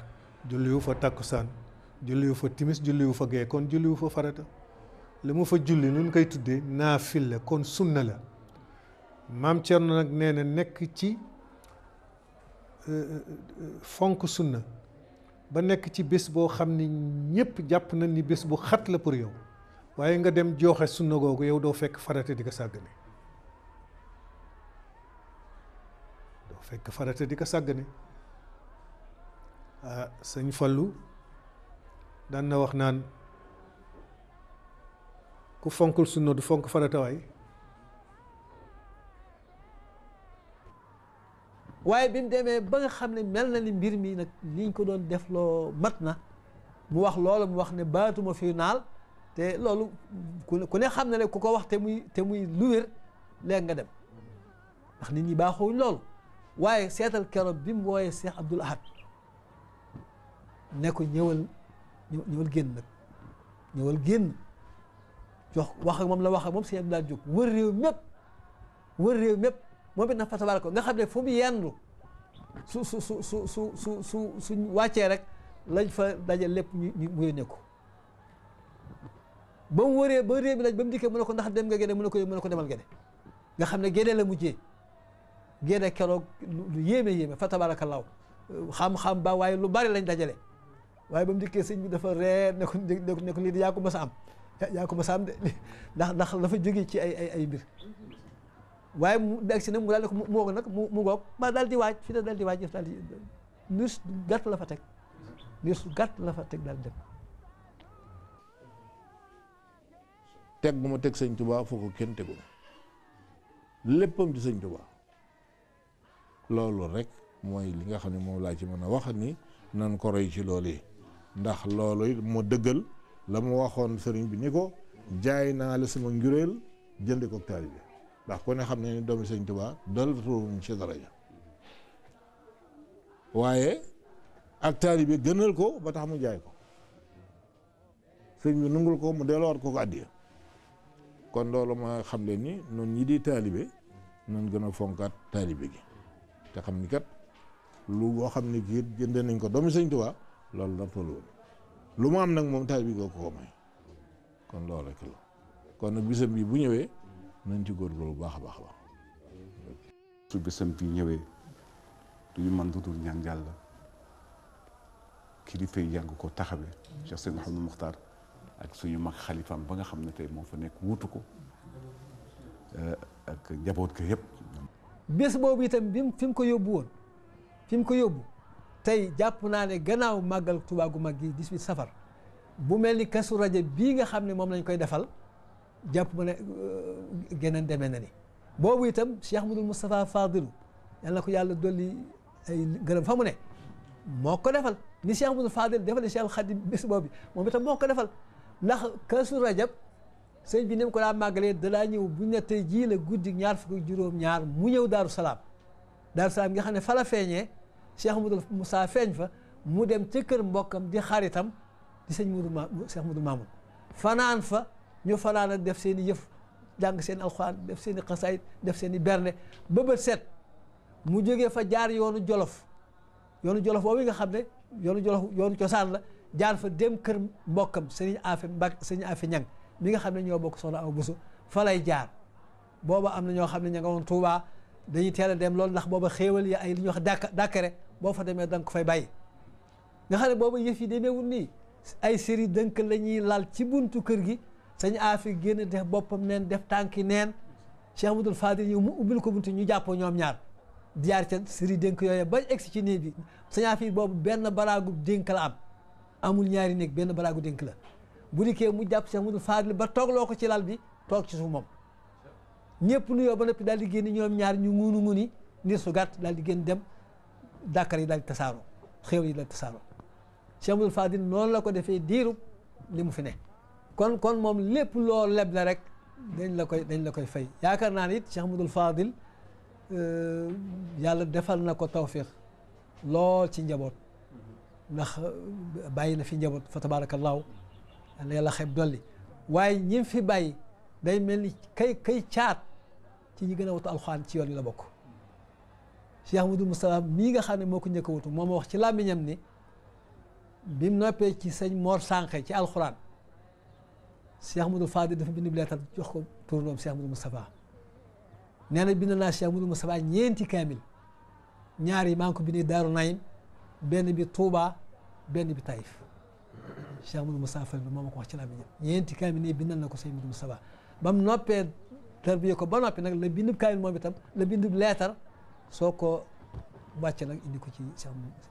julliwu fa takkusaan julliwu fa timis julliwu fa gee kon julliwu fa farata li mu fa julli nun koy tuddee naa la kon sunna la maam Cerno nag nee na nekk ci euh, euh, fonk sunna ba nekk ci bés boo xam ni ñëpp jàpp nañ ni bés bu xat la pour yow waaye nga dem jooxe sunna googu yow doo fekk farata di ko sàggane fekk farata di ko sàggane ah sëñ Fallu daan na wax naan ku fonkul sunna du fonk farata waaye bi mu demee ba nga xam ne mel na ni mbir mi nag liñ ko doon def loo mat na mu wax loolu mu wax ne baatuma fi naal te loolu ku ne xam na ne ku ko wax te muy te muy lu wér léegi nga dem ndax nit ñi baaxuñ loolu waaye seetal keroog bi mu wooyee seex Abdoul Ahad ne ko ñëwal ñëwal génn nag ñëwal génn jox wax moom la wax moom Sëñ Abdoul Ahad jóg wër réew mépp wër réew mépp moom bi na fa tabarak ko nga xam ne fu mu yendu su su su su su su su suñ wàccee rek lañ fa daje lépp ñu mu yónnee ko ba mu wëree ba réew mi lañ ba mu dikkee mu ne ko ndax dem nga génne mu ne ko mu ko demal génne nga xam ne génne la mujjee génne keroog lu yéeme yéeme fa tabaarakallaahu xam-xam ba waaye lu bari lañ dajale waaye ba mu dikkee sëñ bi dafa reer ne ko ne ko lii di yaa ko mas a am ndax ndax dafa jóge ci ay ay mbir waaye mu egg si nag mu daal di mu ngoog nag mu mu ngoog ma daal di waaj fi ne daal di waaj daal di gàtt la fa teg niis gàtt la fa teg daal di dem. teg bu ma teg sëñ Tuubaa foo ko kenn tegul léppam di sëñ Tuubaa loolu rek mooy li nga xam ne moom laa ci mën a wax ni nan ko roy ci loolu ndax loolu mu dëggal la mu waxoon sëriñ bi ni ko jaay naa la sama njuréel jënd ko taalibe ndax ku ne xam ne ni doomu sëriñ dal dolatuñ ci ja waaye ak taalibe gënal ko ba tax mu jaay ko sëriñ bi nungul ko mu delloowaat ko ko àddiya kon loolu ma xam leen ni noonu ñi di taalibe noonu gën a fonkaat taalibe gi te xam ni kat lu boo xam ne kii jëndee nañ ko doomi sëñ Tuubaa loolu la toll woon lu mu am nag moom taal bi goo ko may kon loolu rek la kon nag bisam bi bu ñëwee nañ ci góorgóorlu bu baax a baax a baax su bisam bi ñëwee duñu mën dudul ñaan yàlla kilifa yi yàgg ko taxawee Cheikh Seydi Mouhamadou Mokhtar ak suñu mag xalifaam ba nga xam ne tey moo fa nekk wutu ko ak njaboot ko yëpp bés boobu itam bi fi mu ko yóbbu woon fi mu ko yóbbu tey jàpp naa ne gannaaw màggal Tuubaa gu mag gi safar bu mel ni kasu rajo bii nga xam ne moom lañ koy defal jàpp ma ne euh, geneen demee na ni boobu itam Cheikh Mouhamadoul Moustapha Fadilu yal na ko yàlla dolli ay gërëm fa mu ne moo ko defal ni Cheikh Mouhamadoul Fadil defal Cheikh Xadim bés boobu moom itam moo ko defal ndax kasu rajab sëñ bi ni mu ko daa màggalee dalaa ñëw bu ñu ne jii la guddi ñaar fukki juróom-ñaar mu ñëw daaru salaam daaru salaam nga xam ne fa la feeñee Cheikh Moudou Moussa feeñ fa mu dem ci kër mbokkam di xaritam di sëñ Moudou Ma Cheikh Moudou Mamoun fanaan fa ñu fanaan def seen yëf jàng seen alxuraan def seen i def seen i berne ba bët set mu jógee fa jaar yoonu jolof yoonu jolof boobu nga xam ne yoonu jolof yoonu cosaan la jaar fa dem kër mbokkam sëñ Afe Mbak sëñ Afe mi nga xam ne ñoo bokk soxna aw busu fa lay jaar booba am na ñoo xam ne ña nga woon Touba dañuy teel a dem loolu ndax booba xéewal yi ay li ñu wax dàkk dàkkare boo fa demee danga ko fay bàyyi nga xam ne booba yëf yi demeewul nii ay séri dënk la ñuy lal ci buntu kër gi sañ aafi génn def boppam neen def tànki neen Cheikh Amadou Fadil ñëw mu ubbil ko buntu ñu jàppoo ñoom ñaar diyaar ca séri dénk yooyu bañ egsi ci néeg bi sañ aafi boobu benn baraagu dénk la am amul ñaari néeg benn baraagu dénk la bu dikkee mu jàpp seex Modou Fadil ba toogloo ko ci lal bi toog ci suuf moom ñëpp nuyoo ba noppi daal di génn ñoom ñaar ñu ngunu nguni ni su gàtt daal di génn dem Dakar yi daal di tasaaroo xéw yi daal di tasaaroo Cheikh Modou Fadil noonu la ko defee diiru li mu fi ne kon kon moom lépp loo leb rek dañ la koy dañ la koy fay yaakaar naa ne it Cheikh Modou Fadil euh, yàlla defal na ko tawfiq lool ci njaboot ndax bàyyi na fi njaboot fa tabaarakallaahu yàlla yàlla xeeb dolli waaye ñi fi bàyyi day mel ni kay kay caat ci ñi gën a wutu alxuraan ci yoon yi la bokk Cheikh Amadou Moustapha mii nga xam ne moo ko njëkk a moo moom wax ci làmmiñam ni bi noppee ci sëñ moor Sànqe ci alxuraan Cheikh Amadou Fadi dafa bind leetar jox ko turandoom Cheikh Amadou Moustapha nee na bind naa Cheikh Amadou Moustapha ñeenti kaamil ñaar maa ngi ko bindee Daaru Naim benn bi Touba benn bi Taïf Cheikh Amadou Moussa Fall bi moom ma ko wax ci làmmiñam ñeenti kaamil ne bindal na ko sëñ Modou Ba mu noppee tarbiya ko ba noppi nag la bindub kaamil moom tam la bindub leetar soo ko wàcce nag indi ko ci Cheikh Amadou Moussa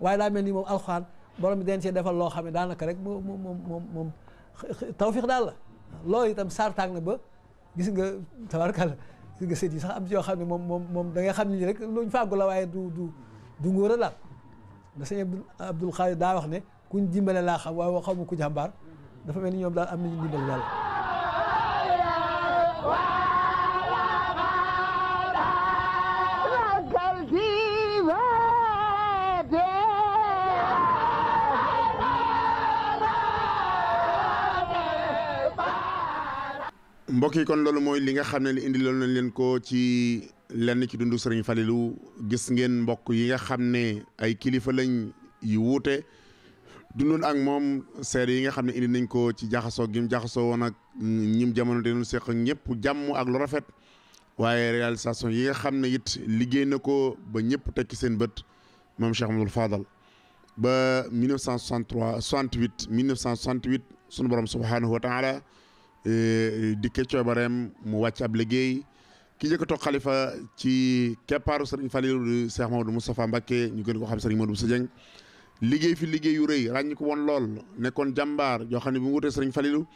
waaye daa mel ni moom alxuraan borom bi den cee defal loo xam ne daanaka rek moom moom moom moom tawfiix daal la loolu itam na ba gis nga tabarkalla gis nga sët yi sax am xam ne moom moom da nga xam ne nii rek luñ fàggu waaye du du du ngóor a daal da Abdul Xaadir daa wax ne kuñ dimbale laa xam waaye xaw ku jàmbaar dafa mel ni ñoom daal am nañu dimbale yàlla mbokk yi kon loolu mooy li nga xam ne li indi loolu nañ leen ko ci lenn ci dundu Serigne lu gis ngeen mbokk yi nga xam ne ay kilifa lañ yu wuute dundoon ak moom seede yi nga xam ne indi nañ ko ci jaxasoo gi jaxasoo woon ak ñim jamono te ñu seq ñëpp jàmm ak lu rafet waaye réalisation yi nga xam ne it liggéey na ko ba ñëpp tekki seen bët moom Cheikh Amadou Fadal ba 1963 68 1968 sunu borom subhaanahu wa taala e, dikkee coobareem mu wàcc ab liggéey ki njëkk a toog xalifa ci keppaaru Serigne Fallilou Cheikh Mamadou Moustapha Mbacké ñu gën ko xam Serigne Modou Moussa Dieng liggéey fi liggéey yu rëy ràññi ko woon lool nekkoon jàmbaar yoo xam ne bu mu wutee sëriñ Falilou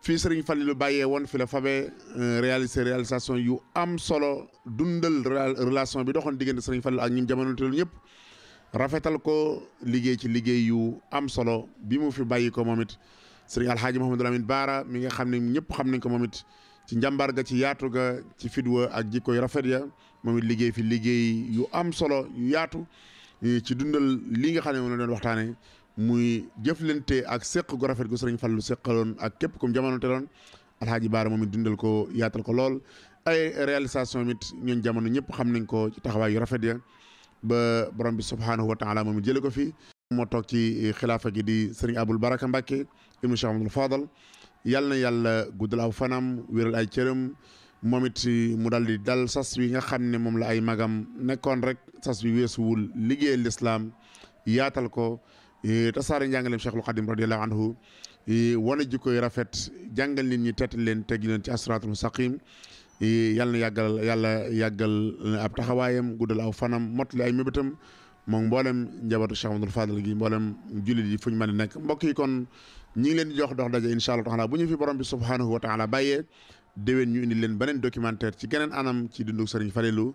fii sëriñ Falilou bàyyee woon fi la fabee euh, réalisé réalisation yu am solo dundal relation bi doxoon diggante sëriñ Falilou ak ñim jamono teelu ñëpp rafetal ko liggéey ci liggéey yu am solo bi mu fi bàyyi ko moom it sëriñ Alxaaji Mouhamadou Lamine Baara mi nga xam ne ñëpp xam nañ ko moom it ci njàmbaar ga ci yaatu ga ci fidwa ak jikko yu rafet ya moom it liggéey fi liggéey yu am solo yaatu ci dundal lii nga xam ne moom la doon waxtaanee muy jëflante ak seq gu rafet gu sëriñ Fallu seqaloon ak képp kum jamono te doon alxaaji Baara moom it dundal ko yaatal ko lool. ay réalisation mit ñun jamono ñëpp xam nañ ko ci taxawaay yu rafet ya ba borom bi subhaanahu wa taala moom it jëlee ko fi. moo toog ci xilaafa gi di sëriñ Abul Baraka Mbàkke ibnu Cheikh Amadul Fadal yàlla na yàlla guddal aw fanam wéral ay cëram. moom it mu dal di dal sas wi nga xam ne moom la ay magam nekkoon rek sas wi weesuwul liggéeyal lislaam yaatal ko e, tasaare njàngaleem Cheikhul Xadim radiyallahu anhu e, wane jikkoy rafet jàngal nit ñi teet leen teg leen ci asiraatul mustaqim e, yàlla na yàggal yàlla yàggal ab taxawaayam guddal aw fanam mottali ay mébétam moom mboolem njabootu Cheikh Amadou Fadal gi mboolem jullit yi fu ñu mën a nekk mbokk yi kon ñi ngi leen di jox dox daje incha allah taala bu ñu fi borom bi déwén ñu indi leen beneen documentaire ci geneen anam ci dundu Serigne Falilou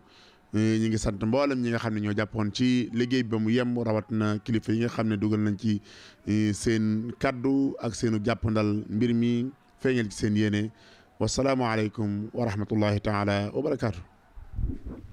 eh, ñi ngi sant mboolem ñi nga xam ne ñoo jàppoon ci liggéey ba mu yem rawat na kilifa yi nga xam ne dugal nañ ci eh, seen kaddu ak seenu jàppandal mbir mi feeñal ci seen yéene wasalaamualeykum wa rahmatullahi taala wa